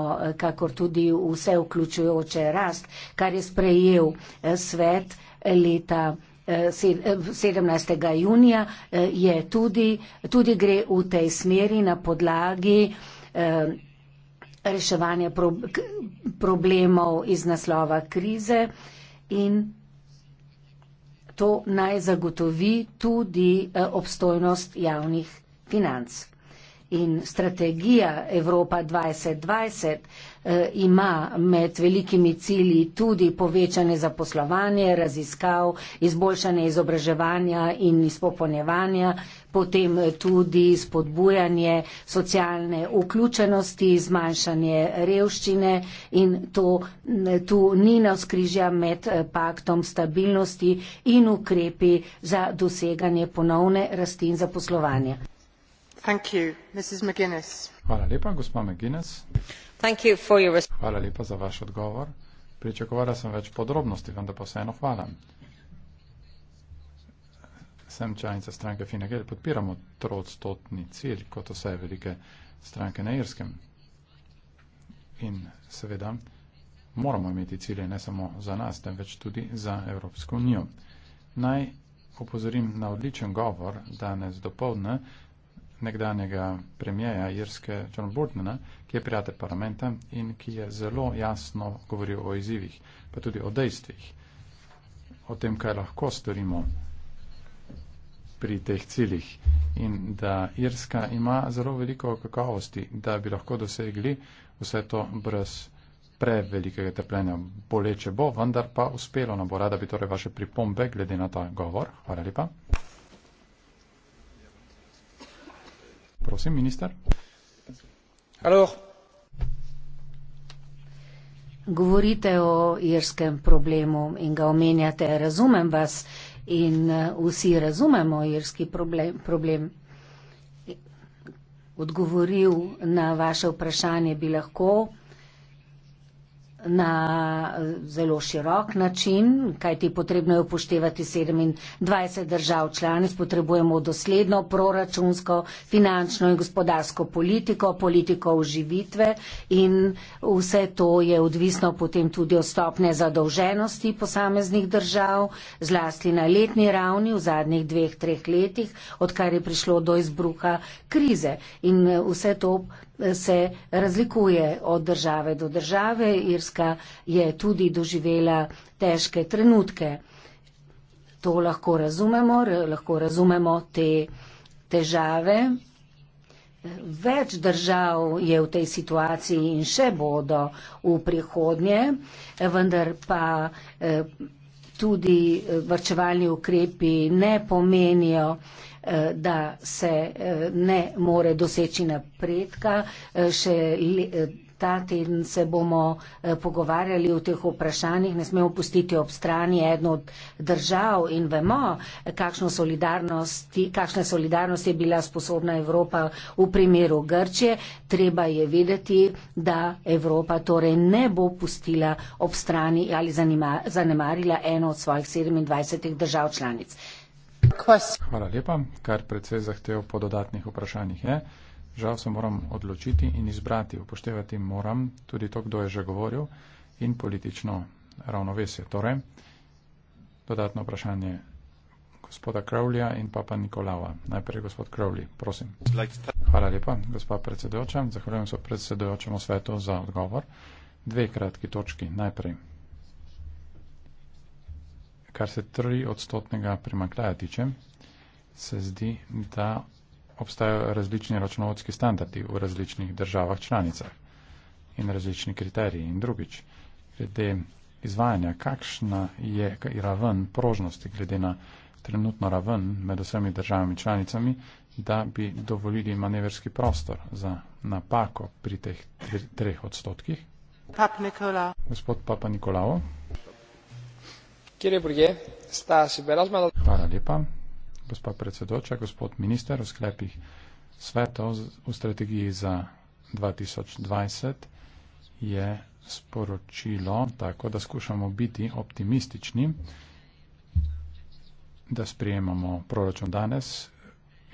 A: kakor tudi vse vključujoče rast, kar je sprejel eh, svet eh, leta 17. Eh, junija, je tudi, tudi gre v tej smeri na podlagi reševanja problemov iz naslova krize in to naj zagotovi tudi eh, obstojnost javnih financ. In strategija Evropa 2020 eh, ima med velikimi cilji tudi povečanje zaposlovanja, raziskav, izboljšanje izobraževanja in izpopolnjevanja eh, potem tudi spodbujanje socialne vključenosti, zmanjšanje revščine in to, tu ni navskrižja med eh, paktom stabilnosti in ukrepi za doseganje ponovne rasti in zaposlovanja. Thank you, Mrs. McGuinness.
B: Hvala lepa, gospod McGuinness. Thank you for your... Hvala lepa za vaš odgovor. Pričakovala sem več podrobnosti, vendar pa vseeno hvala sem članica stranke Fine Gael, podpiramo trodstotni cilj, kot vse velike stranke na Irskem. In seveda moramo imeti cilje ne samo za nas, temveč tudi za Evropsko unijo. Naj opozorim na odličen govor danes dopoldne nekdanjega premijeja Irske John Burdena, ki je prijatelj parlamenta in ki je zelo jasno govoril o izzivih, pa tudi o dejstvih, o tem, kaj lahko storimo pri teh ciljih in da Irska ima zelo veliko kakovosti, da bi lahko dosegli vse to brez prevelikega trpljenja. Boleče bo, vendar pa uspelo nam bo. Rada bi torej vaše pripombe glede na ta govor. Hvala lepa. Prosim, minister. Halo.
A: Govorite o irskem problemu in ga omenjate. Razumem vas in eh, vsi razumemo irski problem. problem. Odgovoril na vaše vprašanje bi lahko Na eh, zelo širok način, kajti potrebno je upoštevati 27 držav članic, potrebujemo dosledno proračunsko, finančno in gospodarsko politiko, politiko uživitve in vse to je odvisno potem tudi od stopne zadolženosti posameznih držav, zlasti na letni ravni v zadnjih dveh, treh letih, odkar je prišlo do izbruha krize. In eh, vse to se razlikuje od države do države. Irska je tudi doživela težke trenutke. To lahko razumemo, lahko razumemo te težave. Več držav je v tej situaciji in še bodo v prihodnje, vendar pa eh, tudi eh, vrčevalni ukrepi ne pomenijo, Eh, da se eh, ne more doseči napredka. Eh, še ta teden se bomo pogovarjali o teh vprašanjih, ne smemo pustiti ob strani eno od držav in vemo, solidarnost, kakšna solidarnost je bila sposobna Evropa v primeru Grčije. Treba je vedeti, da Evropa torej ne bo pustila ob strani ali zanima, zanemarila eno od svojih 27 držav članic.
B: Hvala lepa, kar predvsej zahtev po dodatnih vprašanjih je. Žal se moram odločiti in izbrati, upoštevati moram tudi to, kdo je že govoril in politično ravnovesje. Torej, dodatno vprašanje gospoda Crowleya in papa Nikolava. Najprej gospod Crowley, prosim. Hvala lepa, gospa predsedujoča. Zahvaljujem se predsedujočemu svetu za odgovor. Dve kratki točki. Najprej kar se tri odstotnega primankljaja tiče, se zdi, da obstajajo različni računovodski standardi v različnih državah članicah in različni kriteriji. In drugič, glede izvajanja, kakšna je raven prožnosti glede na trenutno raven med vsemi državami članicami, da bi dovolili manevrski prostor za napako pri teh treh odstotkih. Pap Nikola. Gospod Papa Nikolao. Kjer je Brge, sta Siberazmada. Hvala lepa, gospod predsedoča, gospod minister v sklepih sveta v strategiji za 2020 je sporočilo tako, da skušamo biti optimistični, da sprejemamo proračun danes,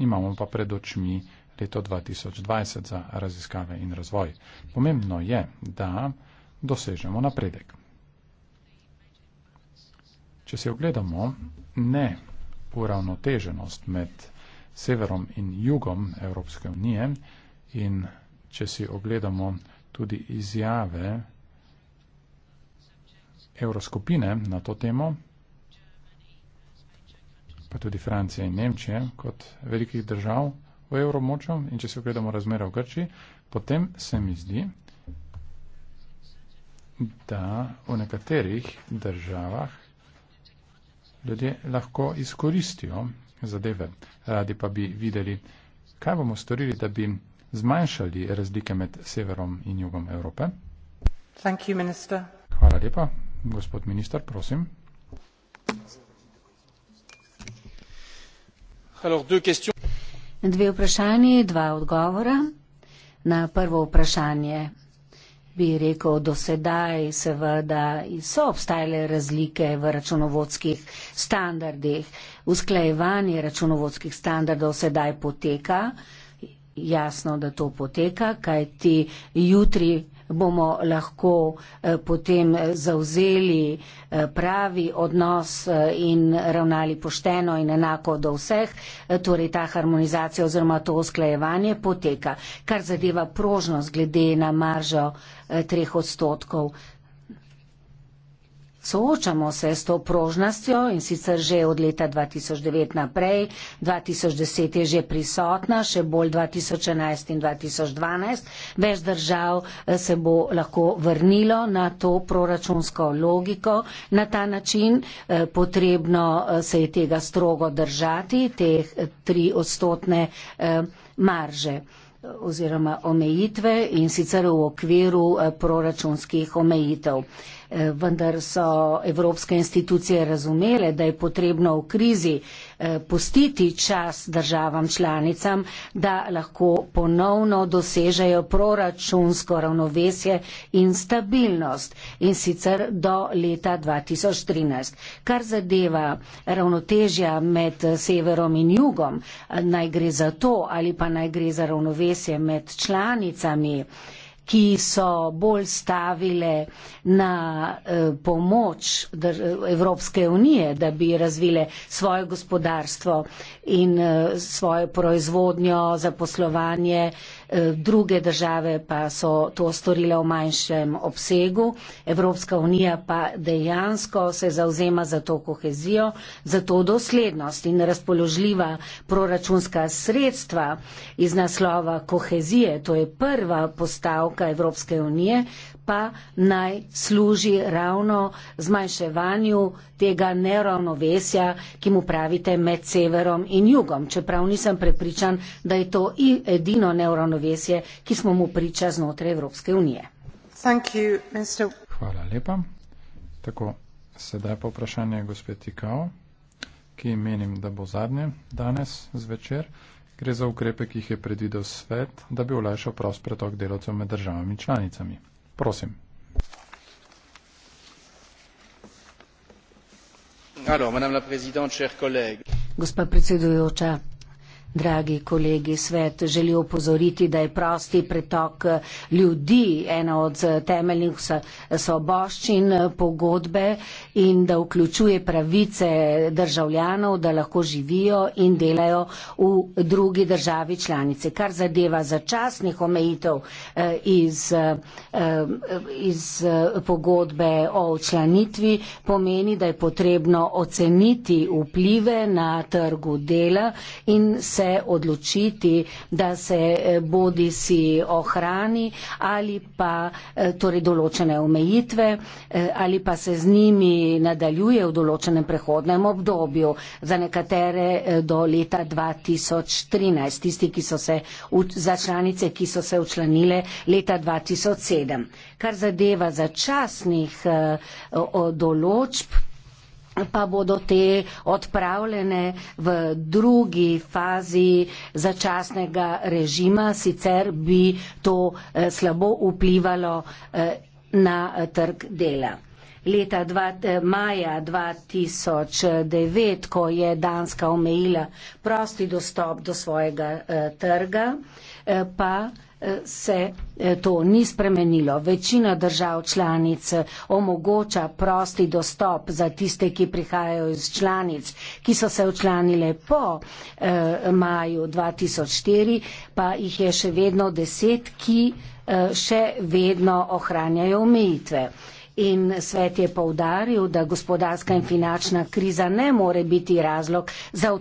B: imamo pa pred očmi leto 2020 za raziskave in razvoj. Pomembno je, da dosežemo napredek. Če si ogledamo ne uravnoteženost med severom in jugom Evropske unije in če si ogledamo tudi izjave Evroskupine na to temo, pa tudi Francije in Nemčije kot velikih držav v evromočju in če si ogledamo razmere v Grči, potem se mi zdi, da v nekaterih državah ljudje lahko izkoristijo zadeve. Radi pa bi videli, kaj bomo storili, da bi zmanjšali razlike med severom in jugom Evrope. You, Hvala lepa, gospod minister, prosim.
A: Dve vprašanje, dva odgovora. Na prvo vprašanje bi rekel, do sedaj seveda so obstajale razlike v računovodskih standardih. Usklajevanje računovodskih standardov sedaj poteka. Jasno, da to poteka, kajti jutri bomo lahko eh, potem eh, zauzeli eh, pravi odnos in ravnali pošteno in enako do vseh. Torej ta harmonizacija oziroma to usklajevanje poteka. Kar zadeva prožnost glede na maržo treh odstotkov, Soočamo se s to prožnostjo in sicer že od leta 2009 naprej, 2010 je že prisotna, še bolj 2011 in 2012. Več držav eh, se bo lahko vrnilo na to proračunsko logiko. Na ta način eh, potrebno eh, se je tega strogo držati, teh tri odstotne marže oziroma omejitve in sicer v okviru proračunskih omejitev. Eh, vendar so evropske institucije razumele, da je potrebno v krizi eh, pustiti čas državam članicam, da lahko ponovno dosežejo proračunsko ravnovesje in stabilnost in sicer do leta 2013. Kar zadeva ravnotežja med eh, severom in jugom, naj gre za to ali pa naj gre za ravnovesje med članicami, ki so bolj stavile na eh, pomoč Evropske unije, da bi razvile svoje gospodarstvo in eh, svojo proizvodnjo, zaposlovanje, Eh, druge države pa so to storile v manjšem obsegu. Evropska unija pa dejansko se zauzema za to kohezijo, za to doslednost in razpoložljiva proračunska sredstva iz naslova kohezije. To je prva postavka Evropske unije, pa naj služi ravno zmanjševanju tega neravnovesja, ki mu pravite med severom in jugom, čeprav nisem prepričan, da je to edino neravnovesje, ki smo mu priča znotraj Evropske unije. You, Mr...
B: Hvala lepa. Tako, sedaj pa vprašanje gospe Tikao, ki menim, da bo zadnje danes zvečer. Gre za ukrepe, ki jih je predvidel svet, da bi olajšal prost pretok delavcev med državami članicami.
A: Prosim. Gospa predsedujoča, Dragi kolegi, svet želi opozoriti, da je prosti pretok ljudi ena od temeljnih soboščin pogodbe in da vključuje pravice državljanov, da lahko živijo in delajo v drugi državi članice. Kar zadeva začasnih omejitev eh, iz, eh, iz eh, pogodbe o članitvi, pomeni, da je potrebno oceniti vplive na trgu dela in se se odločiti, da se eh, bodi si ohrani ali pa eh, torej določene omejitve eh, ali pa se z njimi nadaljuje v določenem prehodnem obdobju, za nekatere do leta 2013, tisti, ki so se, za članice, ki so se učlanile leta 2007. Kar zadeva začasnih določb, pa bodo te odpravljene v drugi fazi začasnega režima, sicer bi to eh, slabo vplivalo eh, na eh, trg dela. Leta dva, maja 2009, ko je Danska omejila prosti dostop do svojega trga, pa se eh, to ni spremenilo. Večina držav članic eh, omogoča prosti dostop za tiste, ki prihajajo iz članic, ki so se včlanile po eh, maju 2004, pa jih je še vedno deset, ki eh, še vedno ohranjajo omejitve. Eh, in svet je povdaril, da gospodarska in finančna kriza ne more biti razlog za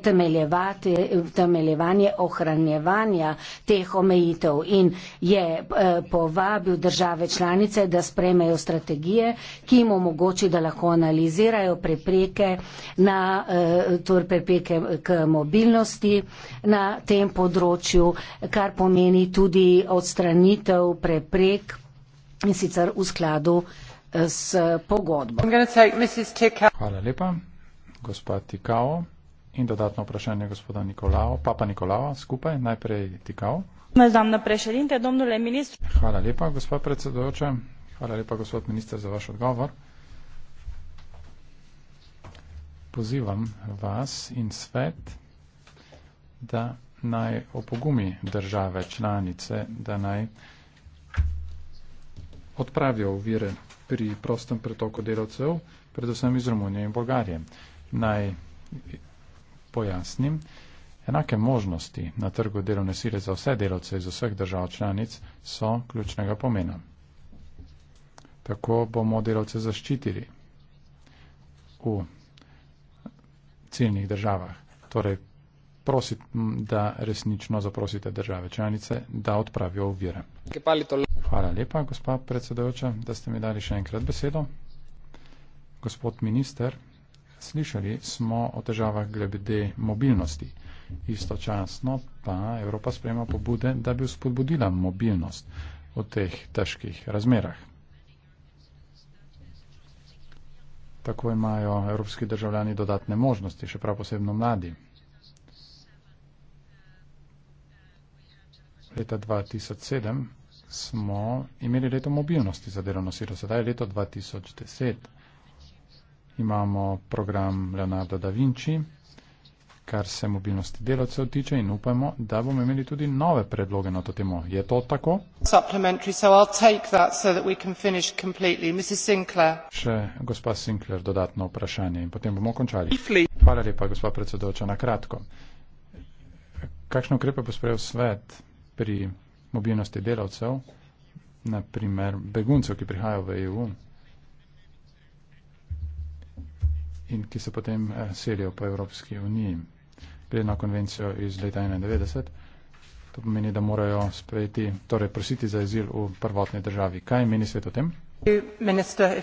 A: utemeljevanje ohranjevanja teh omejitev in je eh, povabil države članice, da spremejo strategije, ki jim omogoči, da lahko analizirajo prepreke, na, eh, torej prepreke k mobilnosti na tem področju, kar pomeni tudi odstranitev preprek in sicer v skladu uh, s pogodbo.
B: Hvala lepa, gospod Tikao in dodatno vprašanje gospoda Nikolao, papa Nikolao, skupaj najprej Tikao. Hvala lepa, gospod predsedujoče. Hvala lepa, gospod minister, za vaš odgovor. Pozivam vas in svet, da naj opogumi države članice, da naj odpravijo uvire pri prostem pretoku delavcev, predvsem iz Romunije in Bolgarije. Naj pojasnim, enake možnosti na trgu delovne sile za vse delavce iz vseh držav članic so ključnega pomena. Tako bomo delavce zaščitili v ciljnih državah. Torej, prosim, da resnično zaprosite države članice, da odpravijo uvire. Kipali to le. Hvala lepa, gospa predsedajoča, da ste mi dali še enkrat besedo. Gospod minister, slišali smo o težavah glede mobilnosti. Istočasno pa Evropa sprejema pobude, da bi spodbudila mobilnost v teh težkih razmerah. Tako imajo evropski državljani dodatne možnosti, še prav posebno mladi. Leta 2007 smo imeli leto mobilnosti za delovno silo, sedaj je leto 2010. Imamo program Leonardo da Vinci, kar se mobilnosti delavcev tiče in upajmo, da bomo imeli tudi nove predloge na to temo. Je to tako? So Še gospa Sinkler dodatno vprašanje in potem bomo končali. Hvala lepa, gospa predsedoča, na kratko. Kakšne ukrepe bo sprejel svet pri mobilnosti delavcev, naprimer beguncev, ki prihajajo v EU in ki se potem eh, selijo po Evropski uniji. Gre na konvencijo iz leta 1991. To pomeni, da morajo sprejeti, torej prositi za azil v prvotni državi. Kaj meni svet o tem? Minister,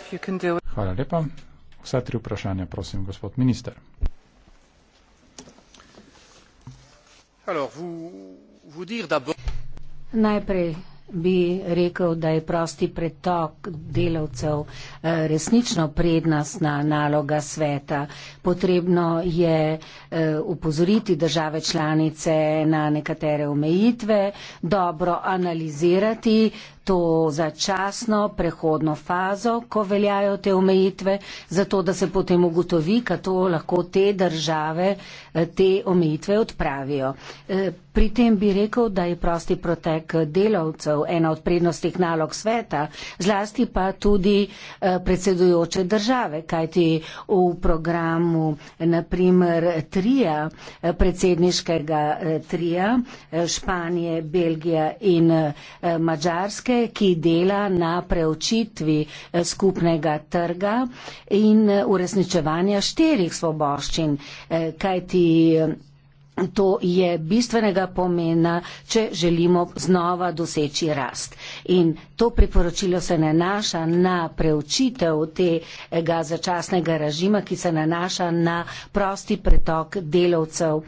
B: Hvala lepa. Vsa tri vprašanja, prosim, gospod minister. Alors, vous, vous dire d'abord...
A: Najprej bi rekel, da je prosti pretok delavcev eh, resnično prednostna naloga sveta. Potrebno je eh, upozoriti države članice na nekatere omejitve, dobro analizirati to začasno prehodno fazo, ko veljajo te omejitve, zato da se potem ugotovi, kako lahko te države eh, te omejitve odpravijo. Eh, pri tem bi rekel, da je prosti protek delavcev ena od prednostih nalog sveta, zlasti pa tudi eh, predsedujoče države, kajti v programu naprimer trija, predsedniškega trija Španije, Belgija in Mačarske, Hrvaške, ki dela na preučitvi eh, skupnega trga in eh, uresničevanja štirih svoboščin, eh, kajti to je bistvenega pomena, če želimo znova doseči rast. In to priporočilo se nanaša na preučitev tega začasnega režima, ki se nanaša na prosti pretok delovcev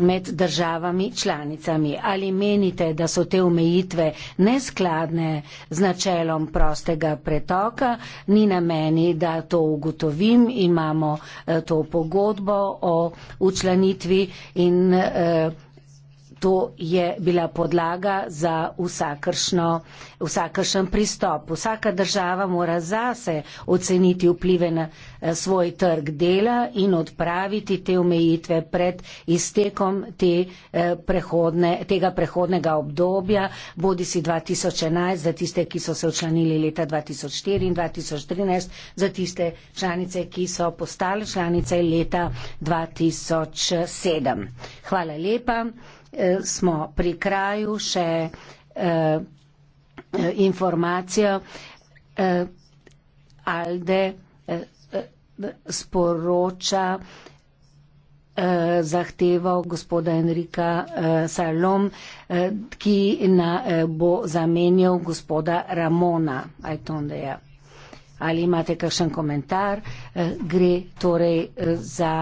A: med državami članicami. Ali menite, da so te omejitve neskladne z načelom prostega pretoka? Ni na meni, da to ugotovim. Imamo eh, to pogodbo o učlanitvi in eh, to je bila podlaga za vsakršen pristop. Vsaka država mora zase oceniti vplive na eh, svoj trg dela in odpraviti te omejitve pred iztekom te eh, prehodne, tega prehodnega obdobja, bodi si 2011 za tiste, ki so se očlanili leta 2004 in 2013 za tiste članice, ki so postale članice leta 2007. Hvala lepa. Eh, smo pri kraju še eh, eh, informacijo Alde sporoča zahtevo gospoda Enrika Salom, ki na, bo zamenjal gospoda Ramona. Ali imate kakšen komentar? Gre torej za.